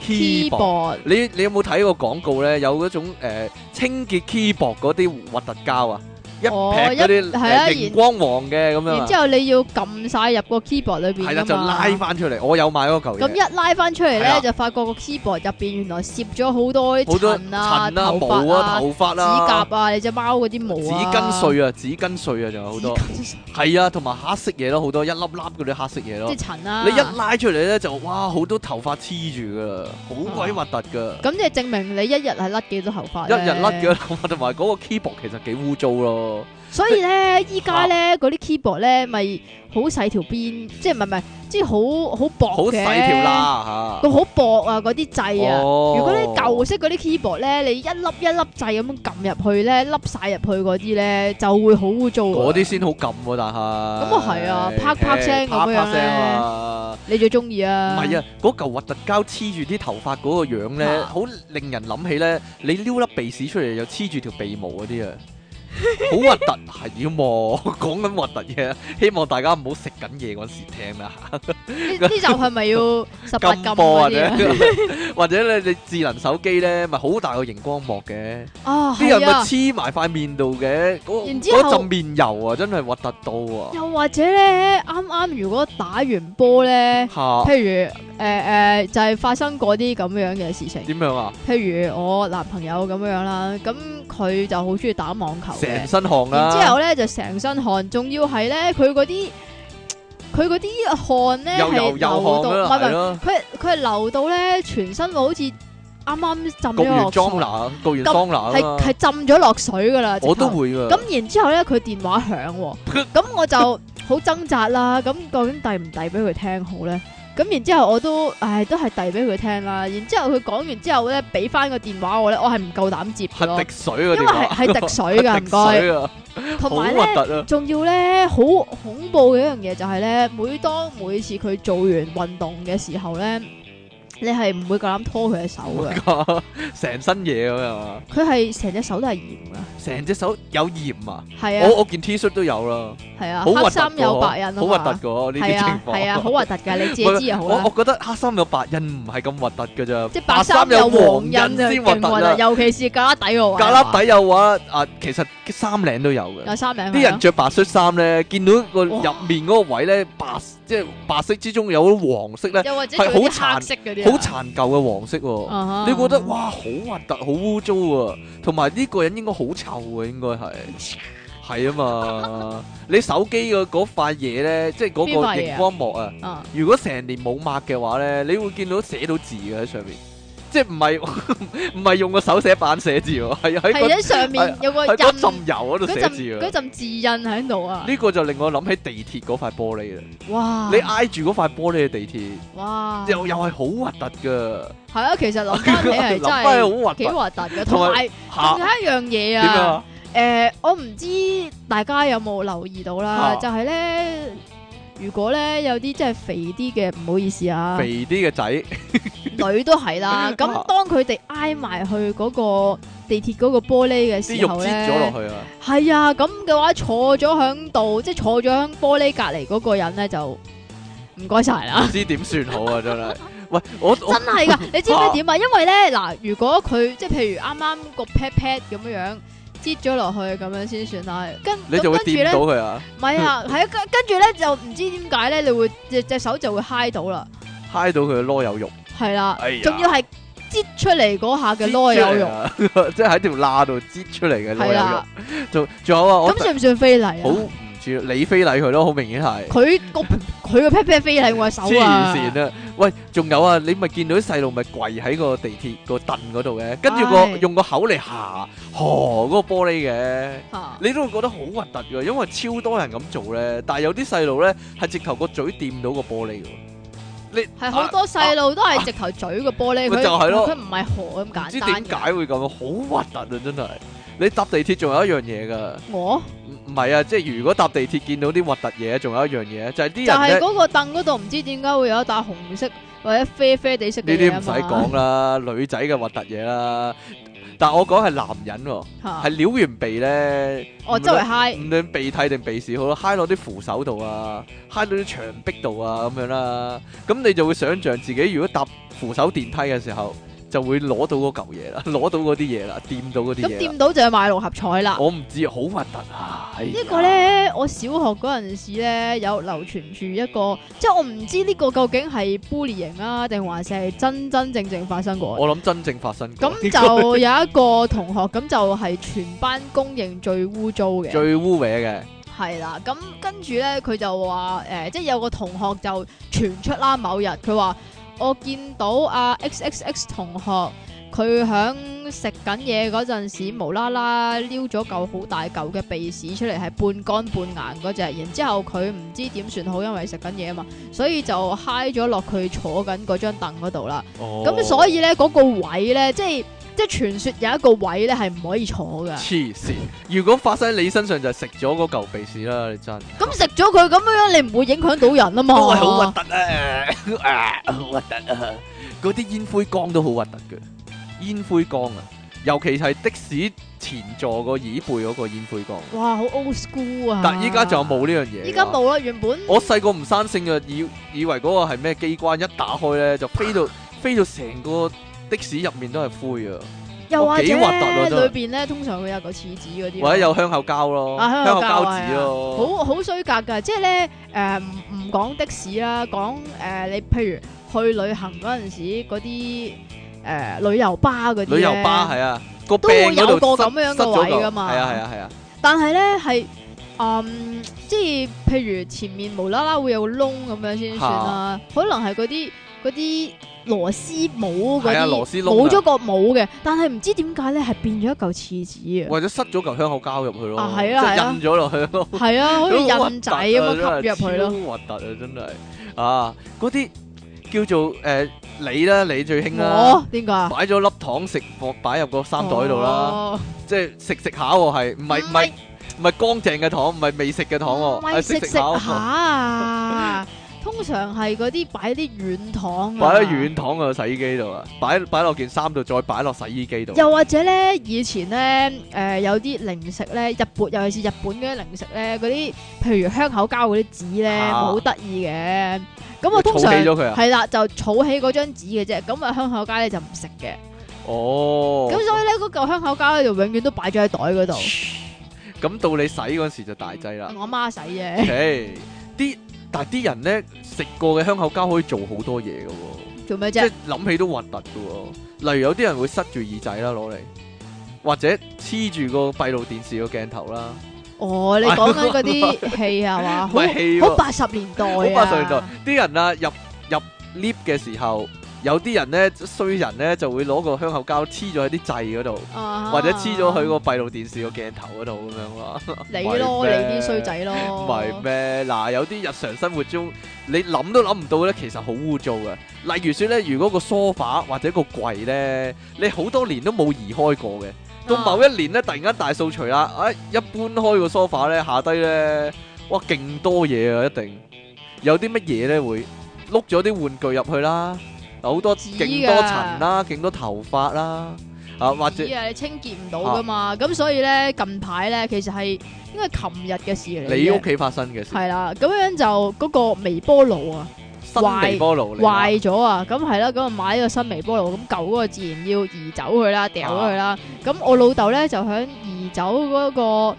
Speaker 1: keyboard，key board 你你有冇睇過個廣告咧？有一種、呃、清潔 keyboard 嗰啲核突膠啊！一撇係啊，熒光黃嘅咁樣。然之後
Speaker 2: 你要撳晒入個 keyboard 裏邊。係啦，就拉
Speaker 1: 翻出嚟。我有買嗰嚿嘢。咁一
Speaker 2: 拉翻出嚟咧，就發覺個 keyboard 入邊原來攝咗好多好多塵啊、頭髮啊、指甲啊、你隻貓嗰啲毛啊、紙巾碎啊、
Speaker 1: 紙巾碎啊，仲有好多。係啊，同埋黑色嘢咯，好多一粒粒嗰啲黑色嘢咯。即係
Speaker 2: 塵啊。你一拉
Speaker 1: 出嚟咧，就哇好多頭髮黐住㗎，好鬼核突㗎。咁即
Speaker 2: 係證明你一日係甩幾多頭髮？一日甩嘅
Speaker 1: 頭髮，同埋嗰個 keyboard 其實幾污糟咯。
Speaker 2: 所以咧，依家咧嗰啲 keyboard 咧，咪好細條邊，即係唔係唔係，即係好好薄嘅好細條啦吓，佢好薄啊，嗰啲掣啊。Oh. 如果啲舊式嗰啲 keyboard 咧，你一粒一粒掣咁樣撳入去咧，粒晒入去嗰啲咧，就會好污糟。嗰啲
Speaker 1: 先好撳，但係咁啊係啊唉，啪啪聲咁、啊啊啊、樣樣、啊。
Speaker 2: 你最中意啊？唔係啊，
Speaker 1: 嗰嚿核突膠黐住啲頭髮嗰個樣咧，好令人諗起咧。你撩粒鼻屎出嚟又黐住條鼻毛嗰啲啊！好核突係咁喎，講緊核突嘢，希望大家唔好食緊嘢嗰時聽啦。呢呢
Speaker 2: 就係咪要十八禁嘅嘢？
Speaker 1: 或者你你智能手機咧，咪好大個熒光幕嘅？哦，係啊！啲人咪黐埋塊面度嘅，嗰嗰陣面油啊，真係核突到啊！又
Speaker 2: 或者咧，啱啱如果打完波咧，譬如誒誒，就係發生過啲咁樣嘅事情。點樣啊？譬如我男朋友咁樣啦，咁佢就好中意打網球。
Speaker 1: 成身汗啦然，然之後咧
Speaker 2: 就成身汗，仲要係咧佢嗰啲佢啲汗咧係流到，唔係唔係，佢佢係流到咧全身好似啱啱浸咗落。焗完桑拿，
Speaker 1: 焗完桑拿，係係
Speaker 2: 浸咗落水噶啦，我都會噶。咁然之後咧，佢電話響，咁 *laughs* 我就好掙扎啦。咁究竟遞唔遞俾佢聽好咧？咁然之後我都，唉，都係遞俾佢聽啦。然之後佢講完之後咧，俾翻個電話我咧，我係唔夠膽接咯。係滴
Speaker 1: 水，因為係係滴水㗎，唔該。 *laughs* 同埋咧，仲
Speaker 2: 要咧好恐怖嘅一樣嘢就係咧，每當每次佢做完運動嘅時候咧。你係唔會夠膽拖佢嘅手
Speaker 1: 嘅，成身嘢啊嘛！
Speaker 2: 佢係成隻手都係鹽啊！
Speaker 1: 成隻手有鹽啊！係啊，我我件 T 恤都有啦，
Speaker 2: 係啊，黑衫有白印，好核突㗎呢
Speaker 1: 啲情況，係啊，好核突嘅，你自己知就好。我我覺得黑衫有白印唔係咁核突嘅啫，即係白衫有黃印先核突啊！
Speaker 2: 尤其是格拉底嘅話，格拉底
Speaker 1: 有話啊，其實衫領都有嘅，有衫領，啲人著白恤衫咧，見到個入面嗰個位咧白。即係白色之中有種黃色咧，係好殘好殘舊嘅黃色、啊，uh、huh，你覺得、uh huh。哇好核突，好污糟啊！同埋呢個人應該好臭嘅、啊，應該係係啊嘛！ *laughs* 你手機嘅嗰塊嘢咧，即係嗰個熒光幕啊，啊 uh huh。如果成年冇抹嘅話咧，你會見到寫到字嘅喺上面。即係唔係唔係用手寫寫，嗰個手寫板寫字喎，係喺上面有個，印個浸油度寫字嗰陣
Speaker 2: 字印喺度啊。呢
Speaker 1: 個就令我諗起地鐵嗰塊玻璃啦。哇！你挨住嗰塊玻璃嘅地鐵，
Speaker 2: 哇！又
Speaker 1: 又係好核突噶。
Speaker 2: 係啊， *laughs* 其實諗翻起真係好核，幾核突噶。同埋、啊，另一樣嘢啊，誒、呃，我唔知大家有冇留意到啦，啊、就係咧。如果咧有啲即係肥啲嘅，唔好意思啊！肥啲嘅仔女都係啦。咁當佢哋挨埋去嗰個地鐵嗰個玻璃嘅時候咧，跌咗落去啊！係啊，咁嘅話坐咗響度，即係坐咗響玻璃隔籬嗰個人咧就唔該晒啦。唔知
Speaker 1: 點算好啊，真係。 *laughs* 喂，我,我真係噶，哇你知唔知點
Speaker 2: 啊？因為咧嗱，如果佢即係譬如啱啱個 pat pat 咁樣樣。跌咗落去咁樣先算啦，跟你會跌到跟住咧，
Speaker 1: 唔係 *laughs* 啊，
Speaker 2: 係 *laughs* 啊，跟跟住咧就唔知點解咧，你會隻隻手就會揩到啦，
Speaker 1: 揩到佢嘅囉柚肉，
Speaker 2: 係啦了，仲、哎、呀要係擠出嚟嗰下嘅囉柚肉，
Speaker 1: 即係喺條罅度擠出嚟嘅。係啦，仲仲 *laughs* *laughs* *laughs* 有我、嗯、算算啊，咁算唔算
Speaker 2: 非禮啊？
Speaker 1: 你非禮佢咯，好明顯係佢
Speaker 2: 個佢個 pat pat 非禮用隻手啊！黐線
Speaker 1: 啦！喂，仲有啊！你咪見到啲細路咪跪喺個地鐵個凳嗰度嘅，跟住個用個口嚟下河嗰個玻璃嘅，你都會覺得好核突㗎，因為超多人咁做咧。但係有啲細路咧係直頭個嘴掂到個玻璃㗎，你
Speaker 2: 係好多細路都係直頭嘴個玻璃，佢就係咯，佢唔係河咁簡單，點解
Speaker 1: 會咁啊？好核突啊！真係。你搭地鐵仲有一樣嘢㗎，我唔唔係啊！即係如果搭地鐵見到啲核突嘢，仲有一樣嘢就係啲人，就係、係、嗰
Speaker 2: 個凳嗰度唔知點解會有一笪紅色或者啡啡地色。呢啲唔使講啦，
Speaker 1: 女仔嘅核突嘢啦。但係我講係男人喎、哦，係撩完鼻咧，我周圍揩！唔論，論鼻涕定鼻屎，好揩落啲扶手度啊，揩到啲牆壁度啊咁樣啦。咁你就會想像自己如果搭扶手電梯嘅時候。就會攞到嗰嚿嘢啦，攞到嗰啲嘢啦，掂到嗰啲嘢。咁掂
Speaker 2: 到就要買六合彩啦。我
Speaker 1: 唔知，好核突啊！哎、呀個呢個咧，
Speaker 2: 我小學嗰陣時咧有流傳住一個，即係我唔知呢個究竟係 bully 型啊，定還是係真真正，正正發生過。我
Speaker 1: 諗真正發生過。咁就有一
Speaker 2: 個同學，咁 *laughs* 就係全班公認最，最污糟嘅，最污歪嘅。係啦，咁跟住咧，佢、欸、就話誒，即係有個同學就傳出啦，某日佢話。我見到阿、啊、X X X 同學，佢響食緊嘢嗰陣時，無啦啦撩咗嚿好大嚿嘅鼻屎出嚟，係半乾半硬嗰隻。然之後佢唔知點算好，因為食緊嘢啊嘛，所以就嗨咗落去坐緊嗰張凳嗰度啦。
Speaker 1: 咁、oh. 所以
Speaker 2: 呢，嗰、嗰個位呢，即係。即係傳說有一個位咧係唔可以坐嘅。黐
Speaker 1: 線！如果發生喺你身上就係食咗嗰嚿鼻屎啦，你真。
Speaker 2: 咁食咗佢咁樣樣，你唔會影響到人啊嘛？好核突
Speaker 1: 啊！好核突啊！嗰啲煙灰缸都好核突嘅，煙灰缸啊，尤其係的士前座個椅背嗰個煙灰缸。
Speaker 2: 哇，好 old school 啊！但依家
Speaker 1: 仲有冇呢樣嘢？依家冇啦，原本。我細個唔生性嘅，以以為嗰個係咩機關，一打開咧就飛到 *laughs* 飛到成個。的士入面都係灰啊，又或者，核突啊，裏
Speaker 2: 邊咧，通常會有個廁紙嗰啲，或者有
Speaker 1: 香口膠咯，啊、香口膠紙、啊、咯，啊、好
Speaker 2: 好衰格噶。即係咧，誒、呃、唔講的士啦，講誒、呃、你譬如去旅行嗰陣時嗰啲誒旅遊巴嗰啲咧，旅遊巴係
Speaker 1: 啊，個病都會有個咁樣嘅位噶嘛？係啊係啊係啊。啊啊啊
Speaker 2: 但係咧係，嗯，即係譬如前面無啦啦會有窿咁樣先算啦，啊、可能係嗰啲。嗰啲螺絲帽，係啊螺絲帽，冇咗個帽嘅，但係唔知點解咧，係變咗一嚿廁紙啊！或
Speaker 1: 者塞咗嚿香口膠入去咯，即係印咗落去咯，係啊，好似印仔咁樣吸入去咯，超核突啊！真係啊，嗰啲叫做誒，你啦，你最興啦，哦，點解啊？擺咗粒糖食，放擺入個衫袋度啦，即係食食下，係唔係唔係唔係乾淨嘅糖，唔係未食嘅糖，食食下。
Speaker 2: 通常係嗰啲擺啲軟糖，擺喺
Speaker 1: 軟糖個洗衣機度啊！擺擺落件衫度，擺再擺落洗衣機度。又或
Speaker 2: 者咧，以前咧，誒、呃，有啲零食咧，日本尤其是日本嗰啲零食咧，嗰啲譬如香口膠嗰啲紙咧，好得意嘅。咁我通常係啦，就儲起嗰張紙嘅啫。咁啊，香口膠咧就唔食嘅。
Speaker 1: 哦。咁所以咧，
Speaker 2: 嗰嚿香口膠就永遠都擺咗喺袋嗰度。
Speaker 1: 咁到你洗嗰時就大劑啦。 *coughs*
Speaker 2: 我媽洗嘅。
Speaker 1: 啲但啲人咧，食過嘅香口膠可以做好多嘢㗎喎，做咩啫？即係諗起都核突㗎喎。例如有啲人會塞住耳仔啦，攞嚟或者黐住個閉路電視個鏡頭啦。
Speaker 2: 哦，你講緊嗰啲戲係嘛？ *laughs* 好戲、啊、好八十年，啊、 *laughs* 年代，好八十年代，
Speaker 1: 啲人啊入入 lift 嘅時候。有啲人咧，衰人咧就會攞個香口膠黐咗喺啲掣嗰度，啊、哈 或者黐咗佢個閉路電視個鏡頭嗰度咁樣咯。你咯，你啲衰仔咯。唔係咩？嗱、啊，有啲日常生活中你諗都諗唔到咧，其實好污糟嘅。例如說咧，如果個梳化或者個櫃咧，你好多年都冇移開過嘅，到某一年咧突然間大掃除啦，哎，一搬開個梳化 f 咧，下低咧，哇，勁多嘢啊！一定有啲乜嘢咧，會碌咗啲玩具入去啦。好多紙，勁的多塵啦，勁多頭髮啦，啊或者，啊，
Speaker 2: 你清潔唔到噶嘛，咁、啊、所以咧近排咧其實係應該琴日嘅事嚟。你屋企
Speaker 1: 發生嘅事，係
Speaker 2: 啦，咁樣就嗰個微波爐啊，新微波爐嚟，壞咗壞啊，咁係啦，咁啊買一個新微波爐，咁舊嗰個自然要移走佢啦，掉咗佢啦，咁、啊、我老豆咧就想移走嗰、那個。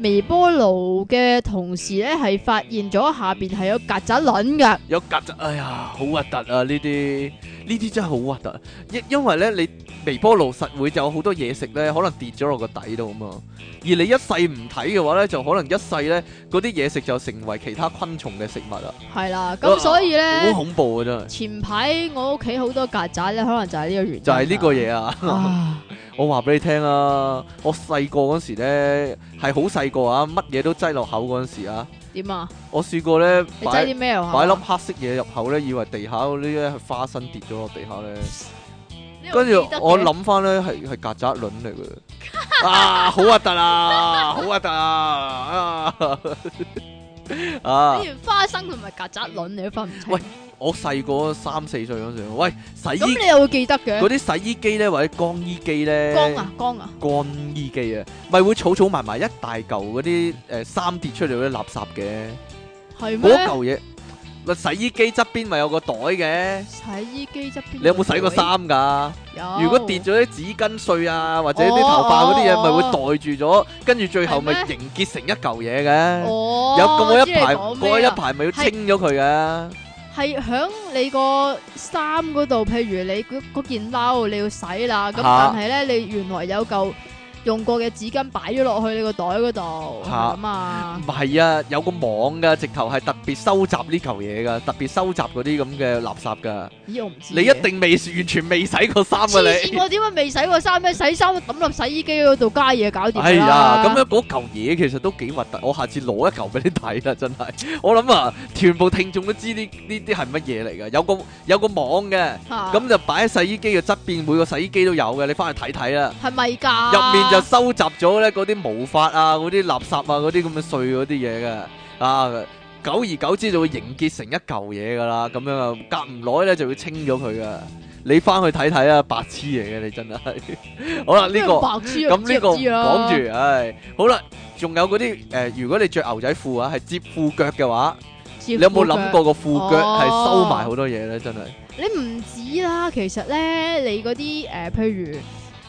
Speaker 2: 微波爐嘅同時咧，係發現咗下邊係有曱甴卵㗎，
Speaker 1: 有曱甴，哎呀，好核突啊！呢啲。呢啲真係好核突，因因為咧你微波爐實會就有好多嘢食咧，可能跌咗落個底度啊嘛。而你一世唔睇嘅話咧，就可能一世咧嗰啲嘢食就成為其他昆蟲嘅食物啦。
Speaker 2: 係啦、啊，咁所以咧好、啊、恐
Speaker 1: 怖㗎、啊、真係。前
Speaker 2: 排我屋企好多曱甴咧，可能就係呢個原。就係呢
Speaker 1: 個嘢啊，啊， *laughs* 啊！我話俾你聽啦，我細個嗰時咧係好細個啊，乜嘢都擠落口嗰陣時啊。點啊！我試過咧，擺粒黑色嘢入口咧，以為地下嗰啲咧係花生跌咗落地下咧，
Speaker 2: *laughs* 跟住我諗
Speaker 1: 翻咧係係曱甴卵嚟嘅，啊，好核突啊，好核突啊，啊，啊，啊！
Speaker 2: *laughs* 花生同埋曱甴卵你都分唔清。
Speaker 1: 喂，我細個三四歲嗰時，喂，洗衣咁你又會
Speaker 2: 記得嘅？嗰啲
Speaker 1: 洗衣機咧，或者乾衣機咧，乾啊乾啊，乾衣機啊，咪會儲儲埋埋，一大嚿，嗰啲誒，衫跌出嚟，嗰啲垃圾嘅，
Speaker 2: 係咩？嗰嚿
Speaker 1: 嘢，咪洗衣機側邊咪有個袋嘅，洗衣機側
Speaker 2: 邊，你有冇洗過衫
Speaker 1: 噶？有，如果跌咗啲紙巾碎啊，或者啲頭髮嗰啲嘢，咪會袋住咗，跟住最後咪凝結成一嚿嘢嘅。有咁一排，隔一排咪要清咗佢嘅。
Speaker 2: 係喺你個衫嗰度，譬如你嗰件褸你要洗啦，咁、啊、但係咧你原來有嚿。用過嘅紙巾擺咗落去你個袋嗰度啊
Speaker 1: 嘛，唔係啊，有個網㗎，直頭係特別收集呢嚿嘢噶，特別收集嗰啲咁嘅垃圾噶。咦，我唔知。
Speaker 2: 你一定
Speaker 1: 未完全未洗過衫㗎，你黐線，
Speaker 2: 我點解未洗過衫？咩洗衫抌落洗衣機嗰度加嘢搞掂啦。係啊，咁
Speaker 1: 樣嗰嚿嘢其實都幾核突，我下次攞一嚿俾你睇啦，真係。我諗啊，全部聽眾都知呢呢啲係乜嘢嚟㗎？有個有個網嘅，咁就擺喺洗衣機嘅側邊，每個洗衣機都有嘅，你翻去睇睇啦。
Speaker 2: 係咪㗎？入面就。
Speaker 1: 就收集咗咧嗰啲毛髮啊，嗰啲垃圾啊，嗰啲咁嘅碎嗰啲嘢嘅，啊，久而久之就會凝結成一嚿嘢噶啦，咁樣看看啊，隔唔耐咧就會清咗佢噶。你翻去睇睇啊，白痴嚟嘅你真係。好啦，呢個咁呢個講住，係好啦。仲有嗰啲誒，如果你着牛仔褲啊，係接褲腳嘅話，接褲 你有冇諗過個褲腳係收埋好多嘢咧？真係。
Speaker 2: 你唔止啦，其實咧，你嗰啲誒，譬如。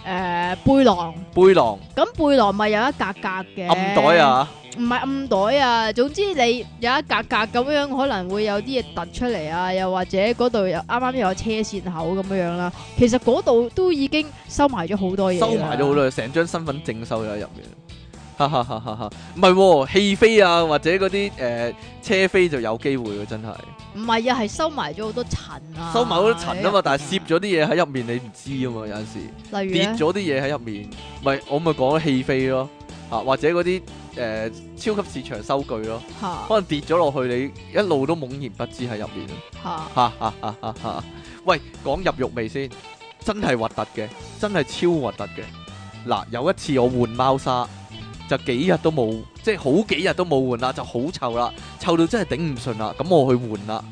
Speaker 2: 誒，背囊，
Speaker 1: 背囊，
Speaker 2: 咁背囊咪有一格格嘅，暗袋啊，唔係暗袋啊，總之你有一格格咁樣可能會有啲嘢突出嚟啊，又或者嗰度又啱啱又有車線口咁樣樣啦，其實嗰度都已經收埋咗好多嘢，收埋咗好多
Speaker 1: 嘢，成張身份證收咗喺入面，哈哈哈！唔係，戲飛啊，或者嗰啲誒車飛就有機會嘅，真係。
Speaker 2: 唔係啊，係收埋咗好多塵啊，收埋好多塵啊嘛，
Speaker 1: 但係攝咗啲嘢喺入面，你唔知啊嘛，有陣時例如跌咗啲嘢喺入面，咪我咪講戲飛咯嚇，或者嗰啲誒超級市場收據咯嚇，可能跌咗落去，你一路都懵然不知喺入面嚇嚇嚇嚇嚇。喂，講入浴味先，真係核突嘅，真係超核突嘅，嗱有一次我換貓砂，就幾日都冇。即係好幾日都冇換啦，就好臭啦，臭到真係頂唔順啦。咁我去換啦，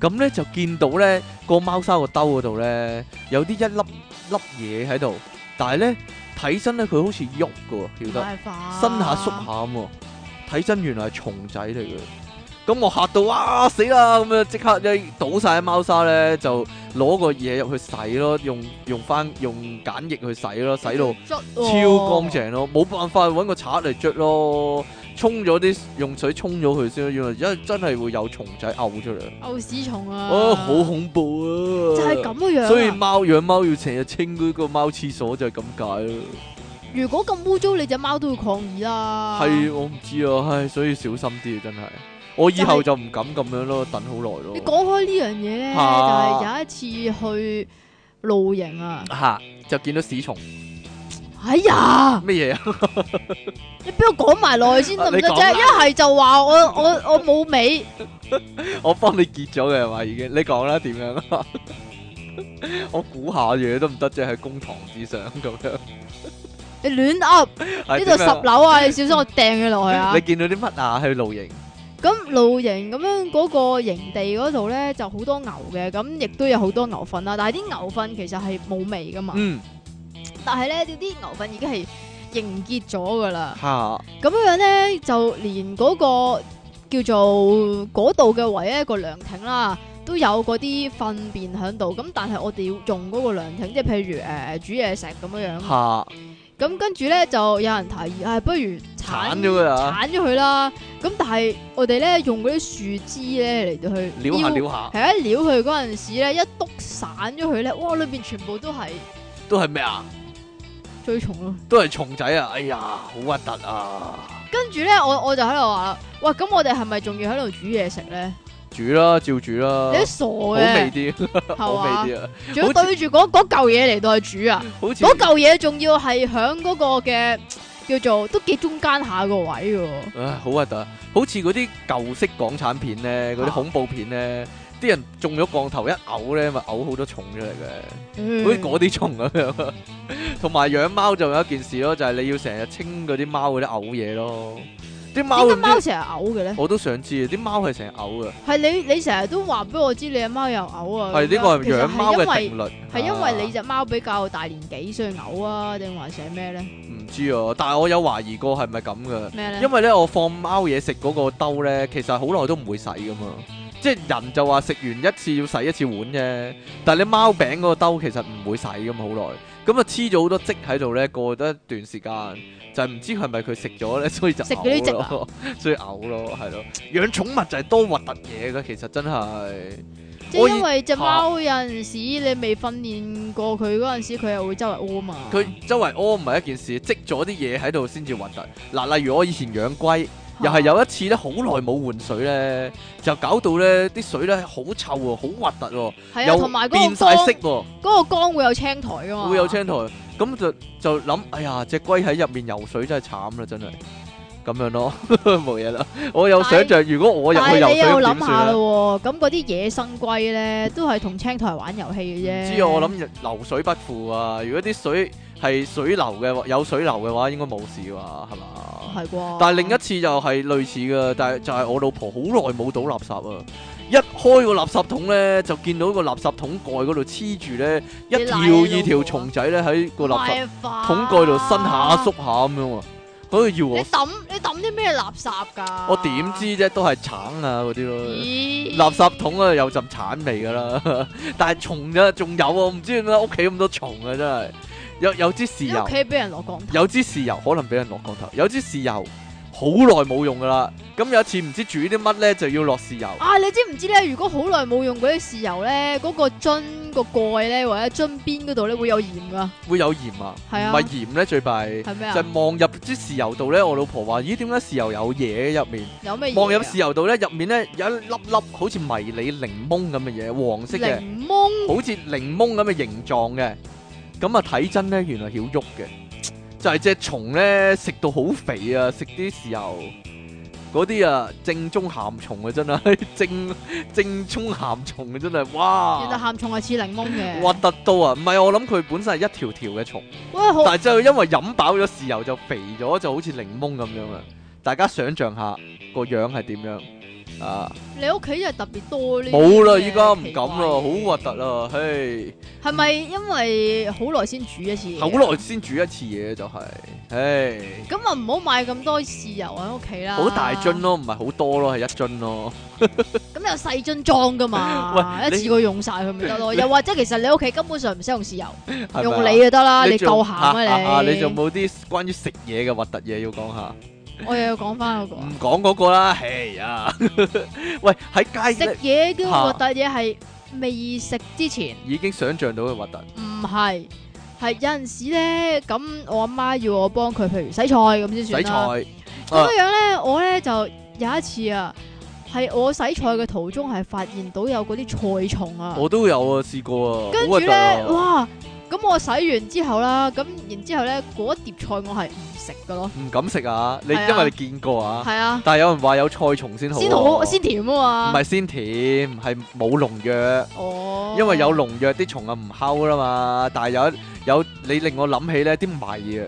Speaker 1: 咁咧就見到咧個貓砂個兜嗰度咧有啲一粒粒嘢喺度，但係咧睇真咧佢好似喐㗎，跳得伸下縮下咁。睇真原來係蟲仔嚟嘅，咁我嚇到哇死啦！咁樣即刻一倒曬啲貓砂咧，就攞個嘢入去洗咯，用用翻用鹼液去洗咯，洗到
Speaker 2: 超乾
Speaker 1: 淨咯，冇辦法揾個刷嚟捽咯。沖咗啲用水沖咗佢先，因為真係會有蟲仔嘔出嚟。
Speaker 2: 嘔屎蟲啊！哦，好恐
Speaker 1: 怖啊！嗯、就係咁嘅樣、啊。所以貓養貓要成日清嗰個貓廁所就係咁解咯。
Speaker 2: 如果咁污糟，你隻貓都會抗議啦、啊。係
Speaker 1: 我唔知啊，唉，所以小心啲啊，真係。我以後就唔敢咁樣咯，就係、等好耐咯。你講
Speaker 2: 開呢樣嘢咧，啊、就係有一次去露營啊，
Speaker 1: 啊，就見到屎蟲。哎呀！咩嘢
Speaker 2: 啊？你俾我講埋落去先得唔得啫？一係就話我我我冇味，
Speaker 1: 我幫你結咗嘅係嘛已經。你講啦，點樣啦？我估下嘢都唔得啫，喺公堂之上咁樣。
Speaker 2: 你亂噏！呢度十樓啊，你小心我掟佢落去啊！你
Speaker 1: 見到啲乜啊？去露營？
Speaker 2: 咁露營咁樣嗰個營地嗰度咧就好多牛嘅，咁亦都有好多牛糞啦。但係啲牛糞其實係冇味噶嘛。嗯。但係咧，啲牛糞已經係凝結咗噶啦。
Speaker 1: 吓咁
Speaker 2: 哈 樣樣咧，就連嗰個叫做嗰度嘅唯一一個涼亭啦，都有嗰啲糞便喺度。咁但係我哋要用嗰個涼亭，即係譬如誒煮嘢食咁樣樣。咁哈 跟住咧，就有人提議，誒、哎、不如
Speaker 1: 鏟咗佢，
Speaker 2: 鏟咗佢啦。咁但係我哋咧用嗰啲樹枝咧嚟到去撩下撩下，係一撩佢嗰陣時咧一篤散咗佢咧，哇裏邊全部都係都係咩啊？追重
Speaker 1: 咯、啊，都係蟲仔啊！哎呀，好核突啊！
Speaker 2: 跟住咧，我我就喺度話，喂，咁我哋係咪仲要喺度煮嘢食咧？
Speaker 1: 煮啦，照煮啦。你係傻嘅，好味啲係好味啲啊！
Speaker 2: 仲要對住嗰嚿嘢嚟到去煮啊？
Speaker 1: 嗰嚿
Speaker 2: 嘢仲要係響嗰個嘅叫做都幾中間下個位嘅。唉，
Speaker 1: 好核突，好似嗰啲舊式港產片咧，嗰啲恐怖片咧。啊啲人中咗降頭一嘔咧，咪嘔好多蟲出嚟嘅，好似嗰啲蟲咁樣。同埋養貓就有一件事咯，就係你要成日清嗰啲貓嗰啲嘔嘢咯。啲貓成
Speaker 2: 日嘔嘅咧，我
Speaker 1: 都想知啊！啲貓係成日嘔嘅。
Speaker 2: 係你你成日都話俾我知你阿貓又嘔啊？係呢個係養貓嘅定律。係因為你隻貓比較大年紀，所以嘔啊？定還是寫咩咧？唔
Speaker 1: 知啊，但係我有懷疑過係咪咁噶？咩咧？因為咧我放貓嘢食嗰個兜咧，其實好耐都唔會洗噶嘛。即係人就話食完一次要洗一次碗啫，但係你貓餅嗰個兜其實唔會洗咁好耐，咁啊黐咗好多積喺度咧，過一段時間就係、是、唔知係咪佢食咗咧，所以就食咗啲積啊， *laughs* 所以嘔咯，係咯。養寵物就係多核突嘢㗎，其實真係。即係因為隻貓
Speaker 2: 有陣時你未訓練過佢嗰陣時，佢又會周圍屙嘛。
Speaker 1: 佢周圍屙唔係一件事，積咗啲嘢喺度先至核突。嗱，例如我以前養龜。又係有一次咧，好耐冇換水咧，就搞到咧啲水咧好臭喎，好核突喎，又變曬色喎，
Speaker 2: 嗰個缸會有青苔噶嘛，會
Speaker 1: 有青苔，咁就就諗，哎呀，隻龜喺入面游水真係慘啦，真係咁樣咯，冇嘢啦。我有想像，如果我入去游水點算咧？
Speaker 2: 咁嗰啲野生龜咧，都係同青苔玩遊戲嘅啫。知啊，我諗
Speaker 1: 流水不腐啊，如果啲水。係水流嘅，有水流嘅話應該冇事啩，係嘛？係啩吧。但係另一次就係類似嘅，但係就係我老婆好耐冇倒垃圾啊！一開個垃圾桶咧，就見到個垃圾桶蓋嗰度黐住咧一條二條蟲仔咧，喺個垃圾桶蓋度伸下縮下咁樣喎，好似要我。你
Speaker 2: 抌你抌啲咩垃圾㗎？我
Speaker 1: 點知啫？都係橙啊嗰啲咯，嘖垃圾桶啊有陣橙味㗎啦。但係蟲啊，仲有啊，我唔知點解屋企咁多蟲啊，真係～有有支豉油，俾人
Speaker 2: 落降頭，
Speaker 1: 有支豉油可能俾人落降頭，有支豉油好耐冇用噶啦。咁有一次唔知煮啲乜咧，就要落豉油。
Speaker 2: 啊，你知唔知咧？如果好耐冇用嗰啲豉油咧，嗰、個樽、個蓋咧或者樽邊嗰度咧會有鹽噶，
Speaker 1: 會有鹽啊？係是啊，啊，唔係鹽咧最弊。係咩啊？就望入支豉油度咧，我老婆話：咦，點解豉油有嘢入、啊、面？
Speaker 2: 有咩、啊？望入豉油
Speaker 1: 度咧，入面咧有一粒粒好似迷你檸檬咁嘅嘢，黃色嘅，檸檬好似檸檬咁嘅形狀嘅。咁啊睇真咧，原來曉喐嘅，就係隻蟲咧食到好肥啊！食啲豉油，嗰啲啊正宗鹹蟲呀真係，正正宗鹹蟲呀真係，哇！原來
Speaker 2: 鹹蟲係似檸檬嘅，核
Speaker 1: 突到啊！唔係我諗佢本身係一條條嘅蟲，
Speaker 2: 但係就
Speaker 1: 因為飲飽咗豉油就肥咗，就好似檸檬咁樣啊！大家想象下個樣係點樣？啊！
Speaker 2: 你屋企真係特別多呢啲。冇啦，依
Speaker 1: 家唔敢啦，好核突啦，嘿！
Speaker 2: 係咪因為好耐先煮一次嘢，啊？好耐先
Speaker 1: 煮一次嘢就係，唉！
Speaker 2: 咁啊，唔好買咁多豉油喺屋企啦。好大樽
Speaker 1: 咯，唔係好多咯，係一樽咯。
Speaker 2: 咁 *laughs* 有細樽裝噶嘛？喂一次過用晒佢咪得咯？又你 或者其實你屋企根本上唔使用豉油， *laughs* 係咪用你就得啦，你夠還鹹啊你，啊啊！啊，你仲冇
Speaker 1: 啲關於食嘢嘅核突嘢要講下？
Speaker 2: 我又要講翻嗰個，唔
Speaker 1: 講嗰個啦，係啊，喂，喺街食嘢都核突
Speaker 2: 嘢，係未食之前
Speaker 1: 已經想象到嘅核突，
Speaker 2: 唔係，係有陣時咧，咁我阿媽要我幫佢，譬如洗菜咁先算洗菜咁，啊、
Speaker 1: 樣樣
Speaker 2: 咧，我咧就有一次啊，係我洗菜嘅途中係發現到有嗰啲菜蟲啊，我都
Speaker 1: 有啊，試過啊，跟住咧，啊、哇！
Speaker 2: 咁我洗完之後啦，咁然之後咧，嗰碟菜我係唔食嘅咯，唔
Speaker 1: 敢食啊！你係啊，因為你見過啊，係啊，但係有人話有菜蟲先好，先好
Speaker 2: 先甜啊嘛，唔係
Speaker 1: 先甜，係冇農藥。哦，
Speaker 2: 因為
Speaker 1: 有農藥啲蟲啊唔烤啦嘛，但係有有你令我諗起咧啲米啊，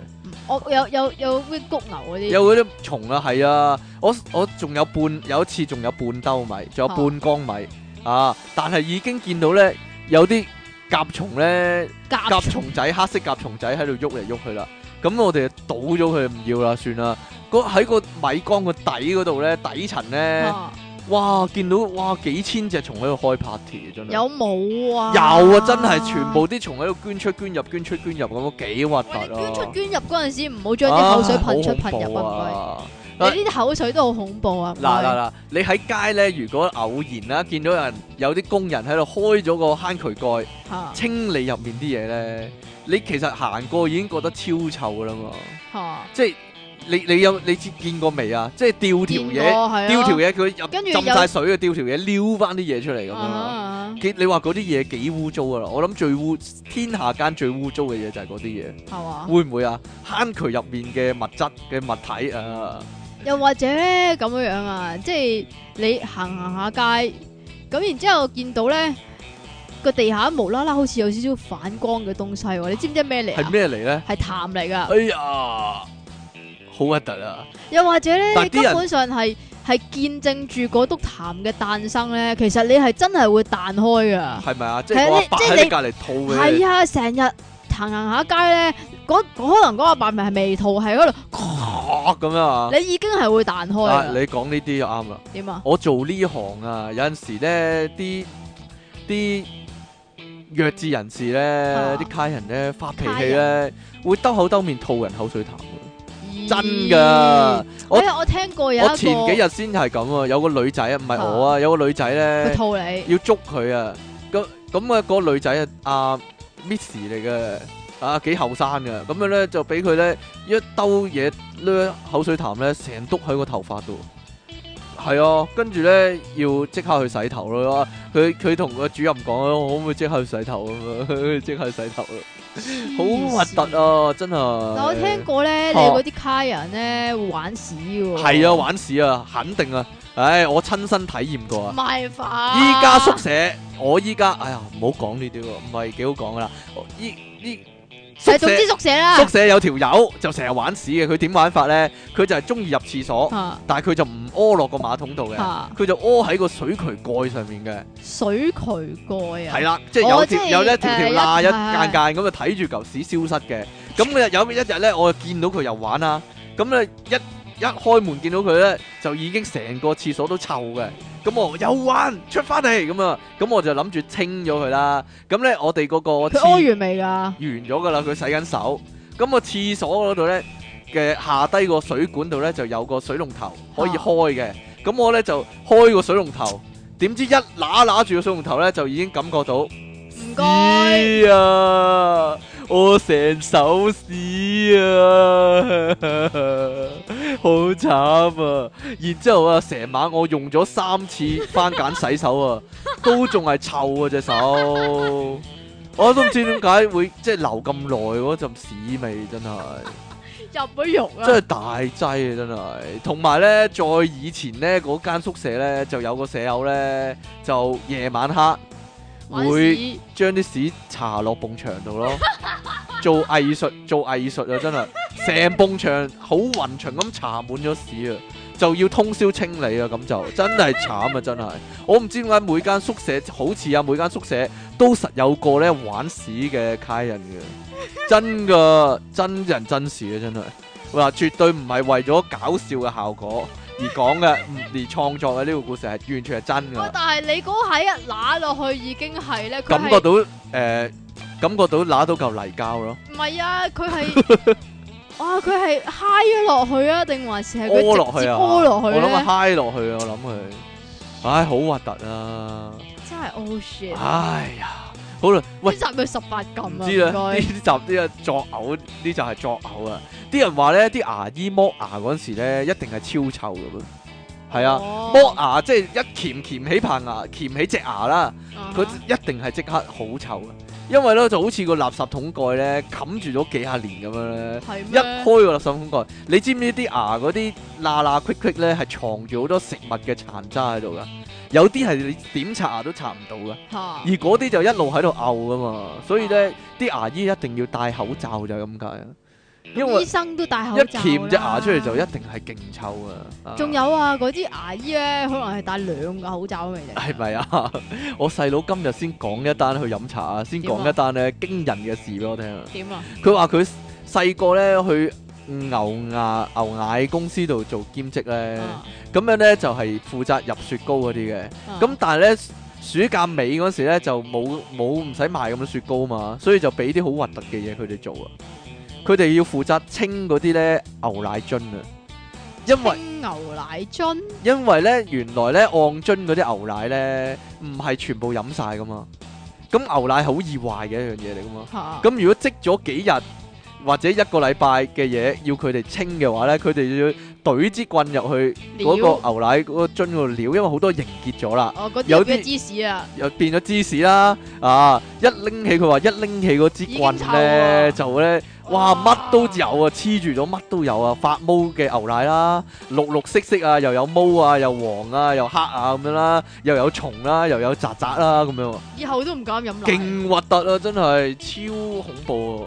Speaker 2: 我有有有啲谷牛嗰啲，有
Speaker 1: 啲蟲啊，係啊，我我仲有半有一次仲有半兜米，仲有半缸米係啊，啊，但係已經見到咧有啲。甲蟲咧，甲蟲蟲仔黑色甲蟲仔喺度喐嚟喐去啦。咁我哋就倒咗佢唔要啦，算啦。喺個米缸個底嗰度咧，底層咧，啊、哇，見到哇幾千隻蟲喺度開 party 真係。有
Speaker 2: 冇啊？有啊，
Speaker 1: 真係全部啲蟲喺度捐出捐入捐出捐入咁，幾核突咯。捐出
Speaker 2: 捐入嗰陣、啊哎、時唔好將啲口水噴出噴入，唔、啊你呢啲口水都好恐怖啊！嗱嗱嗱，
Speaker 1: 你喺街咧，如果偶然啦，見到有人有啲工人喺度開咗個坑渠蓋，啊、清理入面啲嘢咧，你其實行過已經覺得超臭噶啦嘛！啊、即係你你有你見過未啊？即係吊條嘢，吊條嘢佢入跟住浸晒水啊！吊條嘢撩翻啲嘢出嚟咁
Speaker 2: 樣，
Speaker 1: 你話嗰啲嘢幾污糟啊？我諗最污天下間最污糟嘅嘢就係嗰啲嘢，係嘛，嗯？會唔會啊？坑渠入面嘅物質嘅物體啊！
Speaker 2: 又或者咧咁樣樣啊，即係你行行下街，咁然之後見到咧，個地下無啦啦好似有少少反光嘅東西，你知唔知咩嚟？係咩嚟咧？係痰嚟噶。哎呀，
Speaker 1: 好核突啊！
Speaker 2: 又或者咧，但基本上係係見證住嗰督痰嘅誕生咧，其實你係真係會彈開噶。係
Speaker 1: 咪啊？即係我趴喺隔籬吐嘅。係啊，
Speaker 2: 成日。行行下街咧，嗰嗰可能嗰阿伯咪係未吐，喺嗰度咵
Speaker 1: 咁啊嘛！你已
Speaker 2: 經係會彈開啦！你
Speaker 1: 講呢啲就啱啦。點啊？我做呢行啊，有陣時咧，啲啲弱智人士咧，啲街人咧發脾氣咧，會兜口兜面吐人口水痰嘅，
Speaker 2: 真噶！我我聽過有，我前幾日先
Speaker 1: 係咁啊，有個女仔唔係我啊，有個女仔咧，佢吐你，要捉佢啊！咁咁啊，嗰女仔啊，阿～Miss 嚟嘅啊，幾後生嘅，咁樣咧就俾佢咧一兜嘢，甩口水痰咧，成篤喺個頭髮度，係啊，跟住咧要即刻去洗頭咯。佢佢同個主任講，我可唔可以即刻去洗頭咁啊？即刻去洗頭咯，
Speaker 2: *laughs* 好核
Speaker 1: 突啊！真係。但我聽過咧，啊、你嗰啲
Speaker 2: 卡人咧玩屎噶係啊，玩
Speaker 1: 屎啊，肯定啊。唉，我親身體驗過啊！唔
Speaker 2: 係法。依家宿
Speaker 1: 舍，我依家，哎呀，唔好講呢啲喎，唔係幾好講㗎喇。
Speaker 2: 依依，宿
Speaker 1: 舍總之宿舍啦。宿舍有條友就成日玩屎嘅，佢點玩法咧？佢就係鍾意入廁所，但係佢就唔屙落個馬桶度嘅，佢就屙喺個水渠蓋上面嘅。
Speaker 2: 水渠蓋啊！係啦，即係有條有一條條罅一間
Speaker 1: 間咁啊，睇住嚿屎消失嘅。咁有咩一日咧？我見到佢又玩啦。咁咧一。一開門見到佢咧，就已經成個廁所都臭嘅。咁我有彎出翻嚟，咁啊，咁我就諗住清咗佢啦。咁咧，我哋嗰個佢開完
Speaker 2: 未噶？
Speaker 1: 完咗噶啦，佢洗緊手。咁個廁所嗰度咧嘅下低個水管度咧就有個水龍頭可以開嘅。咁我咧就開個水龍頭，點知一揦，揦住個水龍頭咧就已經感覺到唔該啊我成手屎啊， *laughs* 好慘啊！然之後啊，成晚我用咗三次番梘洗手啊， *laughs* 都仲係臭啊隻手，我、 *laughs* 啊、都唔知點解會即係留咁耐嗰陣屎味，真係
Speaker 2: 入咗肉啊，啊！真係大
Speaker 1: 劑啊，真係。同埋咧，再以前咧，嗰間宿舍咧就有個舍友咧，就夜晚黑。會將啲屎搽落埲牆度咯，做藝術，做藝術啊，真係成埲牆好均勻咁搽滿咗屎啊，就要通宵清理啊，咁就真係慘啊，真係。我唔知點解每間宿舍好似啊，每間宿舍都實有個咧，玩屎嘅卡人嘅，真㗎，真人真事啊，真係，話絕對唔係為咗搞笑嘅效果。而講嘅， *laughs* 而創作嘅呢、呢個故事係完全係真嘅。哦，但
Speaker 2: 係你嗰下一揦落去已經係咧、呃，感覺到
Speaker 1: 誒，感覺到揦到嚿泥膠咯。
Speaker 2: 唔係啊，佢係 *laughs* 哇，佢係 high 咗落去啊，定還是係佢落去啊？我諗佢 high
Speaker 1: 落去啊，我諗佢，唉，好核突啊！
Speaker 2: 真係 oh shit！唉
Speaker 1: 呀～好啦，呢集
Speaker 2: 佢十八禁啊？呢集呢
Speaker 1: 啊作嘔，呢就係作嘔啊！啲人話咧，啲牙醫剝牙嗰陣時咧，一定係超臭噶噃。係啊，剝牙即係一鉗鉗起棚牙，鉗起隻牙啦，佢一定係即刻好臭啊！因為咧就好似個垃圾桶蓋咧，冚住咗幾廿年咁樣咧，一開個垃圾桶蓋，你知唔知啲牙嗰啲罅罅隙隙咧係藏住好多食物嘅殘渣喺度噶？有啲係你點刷牙都刷唔到㗎，啊、而嗰啲就一路喺度嘔㗎嘛，所以呢啲、啊、牙醫一定要戴口罩就係咁解啦。
Speaker 2: 啊、因為醫生都戴口罩。一鉗隻牙
Speaker 1: 出嚟就一定係勁臭啊！仲
Speaker 2: 有啊，嗰啲牙醫咧可能係戴兩個口罩嘅
Speaker 1: 啫。係咪啊？我細佬今日先講一單去飲茶啊，先講一單咧、啊、驚人嘅事俾我聽。點啊？佢話佢細個咧去。牛啊，牛奶公司度做兼職咧，咁樣咧就係負責入雪糕嗰啲嘅，咁但係咧暑假尾嗰時咧就冇冇，唔使賣咁多雪糕嘛，所以就俾啲好核突嘅嘢佢哋做啊，佢哋要負責清嗰啲咧牛奶樽啊，
Speaker 2: 因為清牛奶樽，
Speaker 1: 因為咧原來咧按樽嗰啲牛奶咧唔係全部飲晒噶嘛，咁牛奶好易壞嘅一樣嘢嚟噶嘛，咁如果積咗幾日。或者一個禮拜嘅嘢要佢哋清嘅話咧，佢哋要懟支棍入去嗰個牛奶嗰樽嗰料，個料因為好多凝結咗啦。哦、有啲芝
Speaker 2: 士啊，又
Speaker 1: 變咗芝士啦啊！一拎起佢話一拎起嗰支棍咧，就咧哇乜都有啊，黐住咗乜都有啊，發毛嘅牛奶啦，綠綠色色啊，又有毛啊，又黃啊，又黑啊咁樣啦，又有蟲啦、啊，又有曱甴啦咁樣。以後都唔敢
Speaker 2: 飲奶。勁
Speaker 1: 核突啊！真係超恐怖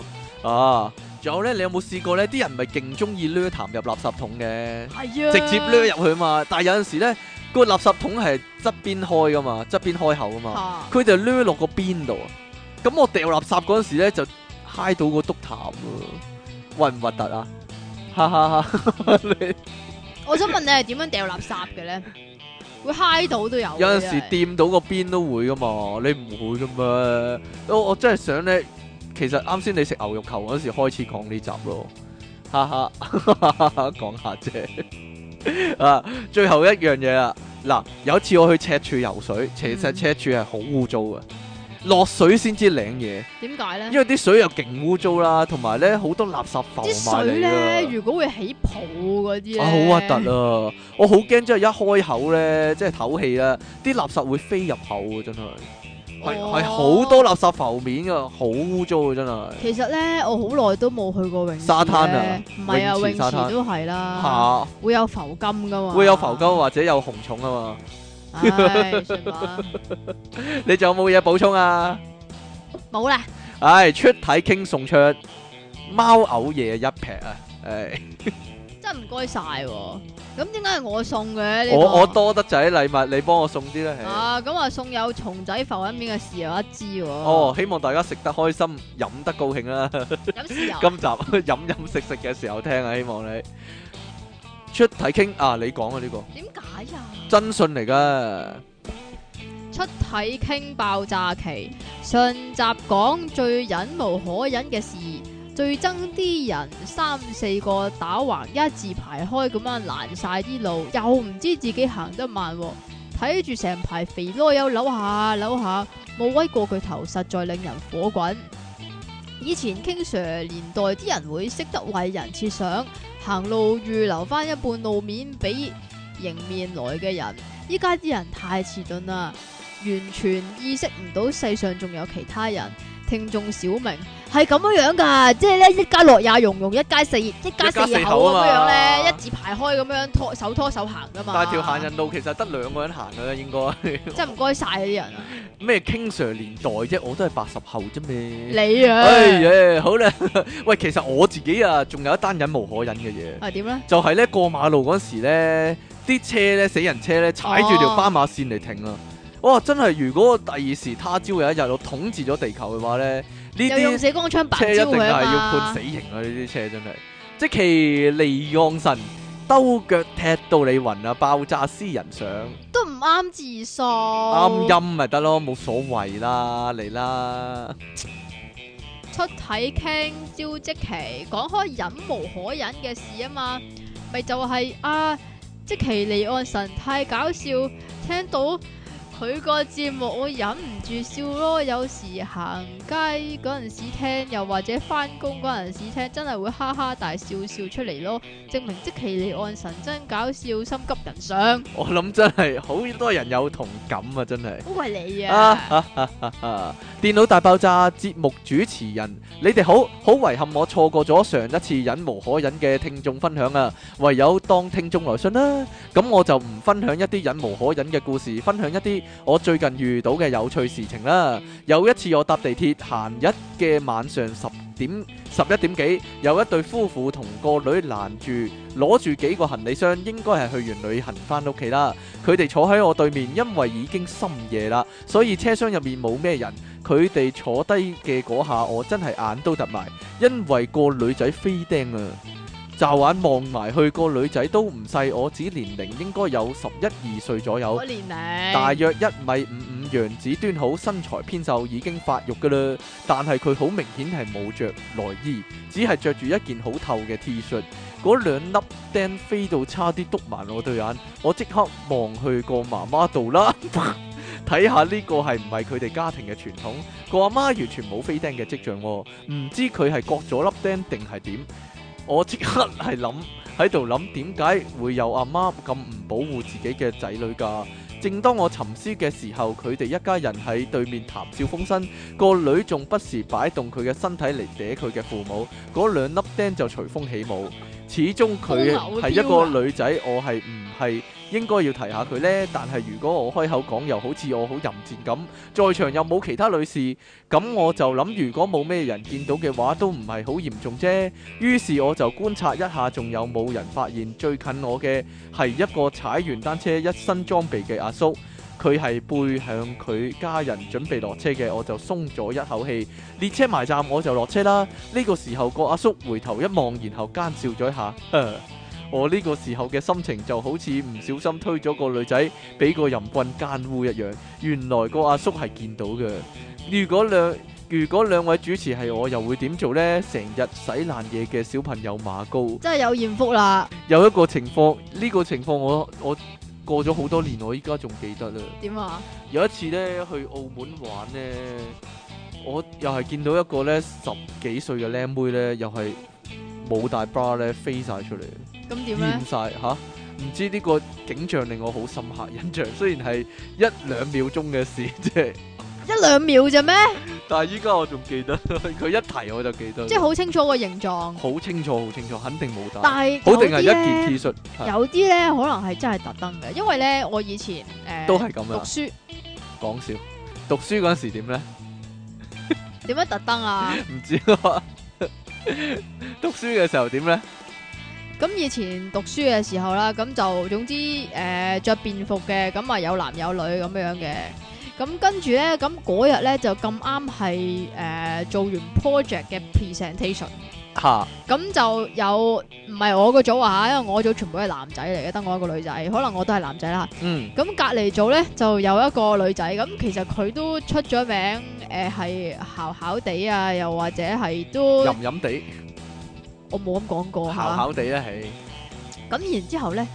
Speaker 1: 啊！啊有咧，你有冇試過咧？啲人唔係勁中意攞痰入垃圾桶嘅，直接攞入去啊嘛！但係有陣時咧，個垃圾桶係側邊開噶嘛，側邊開口噶嘛，佢就攞落個邊度啊！咁我掉垃圾嗰陣時咧，就揩到個篤痰啊！核唔核突啊！哈哈哈！你我想問你
Speaker 2: 係點樣掉垃圾嘅咧？會揩到都有。有陣時
Speaker 1: 掂到個邊都會噶嘛，你唔會噶嘛？我我真係想咧。其實啱先你食牛肉球嗰時開始講呢集咯，哈哈哈 *laughs* 講下啫。 *laughs* 啊，最後一樣嘢啦，嗱，有一次我去赤柱游水，嗯、其實赤柱係好污糟嘅，落水先知舐嘢。
Speaker 2: 點解咧？因為啲
Speaker 1: 水又勁污糟啦，同埋咧好多垃圾浮埋水咧，
Speaker 2: 如果會起泡嗰啲啊，好核突啊！
Speaker 1: 我好驚，即係一開口咧，即係唞氣啦，啲垃圾會飛入口喎，真係。係係，好多垃圾浮面噶，好污糟啊！真係。其
Speaker 2: 實咧，我好耐都冇去過泳池沙灘啊，唔係啊，泳池，泳池都係啦，下會有浮金噶嘛，會有浮
Speaker 1: 金或者有紅蟲啊嘛。哎、 *laughs* 你仲有冇嘢補充啊？
Speaker 2: 冇啦
Speaker 1: 了。唉、哎，出體 king 送出，貓嘔嘢一撇啊！唉、哎。
Speaker 2: 真唔該晒，咁點解係我送嘅？我我
Speaker 1: 多得仔禮物，你幫我送啲啦。啊，
Speaker 2: 咁啊，送有蟲仔浮一面嘅豉油一支。哦，
Speaker 1: 希望大家食得開心，飲得高興啦。飲豉油。今集飲飲食食嘅時候聽啊，希望你出體 king 啊，你講啊呢個。點解呀？真信嚟噶。
Speaker 2: 出體 king 爆炸期，上集講最忍無可忍嘅事。最憎啲人三四個打橫一字排開咁樣，攔晒啲路，又唔知自己行得慢，睇住成排肥佬又扭下扭下，冇威過佢頭，實在令人火滾。以前 King Sir 年代啲人會識得為人設想，行路預留翻一半路面俾迎面來嘅人，依家啲人太遲鈍啦，完全意識唔到世上仲有其他人。聽眾小明係咁樣樣㗎，即係咧一家樂也融融，一家四一家四口咁樣咧，一字排開咁樣拖手拖手行㗎嘛。但係條行人
Speaker 1: 路其實得兩個人行㗎喇，應該即係
Speaker 2: 唔該曬啲人
Speaker 1: 啊。咩傾 King Sir 年代啫？我都係八十後啫咩？你啊，哎呀，好啦，喂，其實我自己啊，仲有一單忍無可忍嘅嘢係點咧？啊、呢就係咧過馬路嗰時咧，啲車咧死人車咧踩住條斑馬線嚟停啊！哦嗯哇！真係，如果第二時他朝有一日我統治咗地球嘅話咧，呢啲車用死光槍打佢，一定係要判死刑啊！呢啲車真係積淇離岸神兜腳踢到你暈啊！爆炸私人相
Speaker 2: 都唔啱自殺，啱音
Speaker 1: 咪得咯，冇所謂啦嚟啦
Speaker 2: 出體 king 積淇，講開忍無可忍嘅事啊嘛，咪就係啊積淇離岸神太搞笑，聽到～佢個節目我忍唔住笑咯，有時行街嗰陣時聽，又或者翻工嗰陣時聽，真係會哈哈大笑笑出嚟咯。證明積淇離岸神真搞笑，心急人上想。
Speaker 1: 我諗真係好多人有同感啊，真係。好
Speaker 2: 係你啊！啊啊啊，啊，啊！
Speaker 1: 電腦大爆炸節目主持人，你哋好好遺憾，我錯過咗上一次忍無可忍嘅聽眾分享啊，唯有當聽眾來信啦。咁我就唔分享一啲忍無可忍嘅故事，分享一啲。我最近遇到嘅有趣事情啦！有一次我搭地鐵，行日嘅晚上十點十一點幾，有一對夫婦同個女攔住，攞住幾個行李箱，應該係去完旅行翻屋企啦。佢哋坐喺我對面，因為已經深夜啦，所以車廂入面冇咩人。佢哋坐低嘅嗰下，我真係眼都凸埋，因為個女仔飛釘啊！就眼望埋去、那個女仔都唔細，我指年齡應該有十一二歲左右，大約一米五五，樣子端好，身材偏瘦，已經發育噶啦。但係佢好明顯係冇着內衣，只係着住一件好透嘅 T 恤。嗰兩粒釘飛到差啲篤埋我對眼，我即刻望去個媽媽度啦，睇下呢個係唔係佢哋家庭嘅傳統。個阿媽,媽完全冇飛釘嘅跡象，唔知佢係割咗粒釘定係點。我即刻係諗喺度諗點解會有阿媽咁唔保護自己嘅仔女㗎？正當我沉思嘅時候，佢哋一家人喺對面談笑風生，個女仲不時擺動佢嘅身體嚟嗲佢嘅父母，嗰兩粒釘就隨風起舞。始終佢係一個女仔，我係唔係？應該要提下佢呢。但係如果我開口講，又好似我好淫賤咁，在場又冇其他女士，咁我就諗，如果冇咩人見到嘅話，都唔係好嚴重啫。於是我就觀察一下，仲有冇人發現，最近我嘅係一個踩完單車一身裝備嘅阿叔，佢係背向佢家人準備落車嘅，我就鬆咗一口氣。列車埋站，我就落車啦。呢個時候個阿叔回頭一望，然後奸笑咗一下，呃我呢個時候嘅心情就好似唔小心推咗個女仔，俾個淫棍奸污一樣。原來個阿叔係見到嘅。如果兩如果兩位主持係我，又會點做呢？成日洗爛嘢嘅小朋友馬高，
Speaker 2: 真係有艷福啦！
Speaker 1: 有一個情況，呢個情況我我過咗好多年，我依家仲記得啦。點啊？有一次呢，去澳門玩呢，我又係見到一個呢，十幾歲嘅靚妹呢，又係冇帶 bra 呢，飛晒出嚟。亂晒吓，唔知呢個景象令我好深刻印象。雖然係一兩秒鐘嘅事，即係一
Speaker 2: 兩秒咋咩？
Speaker 1: 但係依家我仲記得，佢一提我就記得。即係好清楚
Speaker 2: 個形狀。
Speaker 1: 好清楚，好清楚，肯定冇打。但係好定係一件技術。有
Speaker 2: 啲咧可能係真係特登嘅，因為咧我以前誒都係咁樣。讀書
Speaker 1: 講笑，讀書嗰時點咧？
Speaker 2: 點樣特登啊？
Speaker 1: 唔知啊。讀書嘅時候點咧？
Speaker 2: 咁以前讀書嘅時候啦，咁就總之誒着、呃、便服嘅，咁啊有男有女咁樣嘅。咁跟住咧，咁嗰日咧就咁啱係誒做完 project 嘅 presentation、
Speaker 1: 啊。嚇！
Speaker 2: 咁就有唔係我個組啊，因為我組全部都係男仔嚟嘅，得我一個女仔。可能我都係男仔啦。嗯。咁隔離組咧就有一個女仔，咁其實佢都出咗名，誒係姣姣地啊，又或者係都飲飲地。我冇咁講過嚇，考考地咧起。咁然之後咧，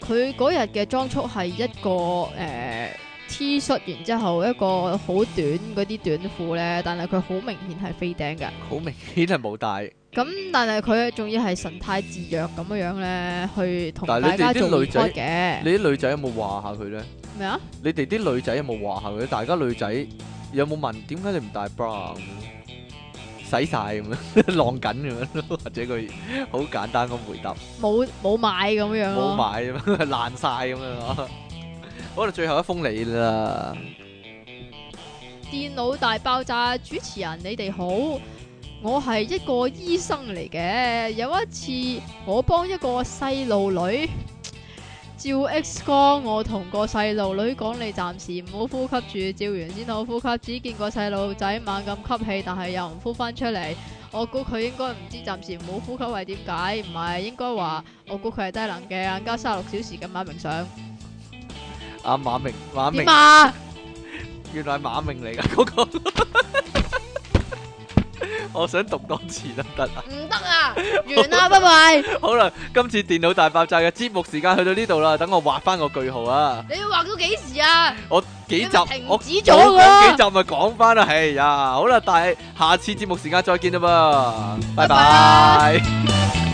Speaker 2: 佢嗰日嘅裝束係一個誒 T 恤，然之後一個好短嗰啲短褲咧，但係佢好明顯係飛頂嘅，好
Speaker 1: 明顯係冇戴。
Speaker 2: 咁但係佢仲要係神態自若咁樣咧，去同大家做 report 嘅。
Speaker 1: 你啲女仔有冇話下佢咧？咩啊？你哋啲女仔有冇話下佢？大家女仔有冇問點解你唔戴 bra？洗晒，咁樣，浪緊咁樣，或者佢好簡單咁回答，
Speaker 2: 冇冇買咁樣冇、啊、冇
Speaker 1: 買咁 *laughs* 樣，爛晒，咁樣咯。好啦，最後一封你啦。
Speaker 2: 電腦大爆炸，主持人你哋好，我係一個醫生嚟嘅。有一次我幫一個細路女。照 X 光，我同個細路女講你暫時唔好呼吸住，照完先好呼吸。只見個細路仔猛咁吸氣，但係又唔呼翻出嚟。我估佢應該唔知暫時唔好呼吸係點解，唔係應該話我估佢係低能嘅，加三六小時咁馬明上。
Speaker 1: 阿、啊、馬明，馬明，啊、 *laughs* 原來馬明嚟㗎嗰個。 *laughs* *laughs* 我想讀多次得唔
Speaker 2: 得啊？唔得 *laughs* 啊，完啦， *laughs* 拜拜。 *laughs*
Speaker 1: 好啦，今次電腦大爆炸嘅節目時間去到呢度啦，等我畫翻個句號啊。你
Speaker 2: 要畫到幾時啊？
Speaker 1: 我幾集停止我止咗啊。好講幾集咪講翻啦，係呀。好啦，但係下次節目時間再見咋噃，拜拜。拜拜 *laughs*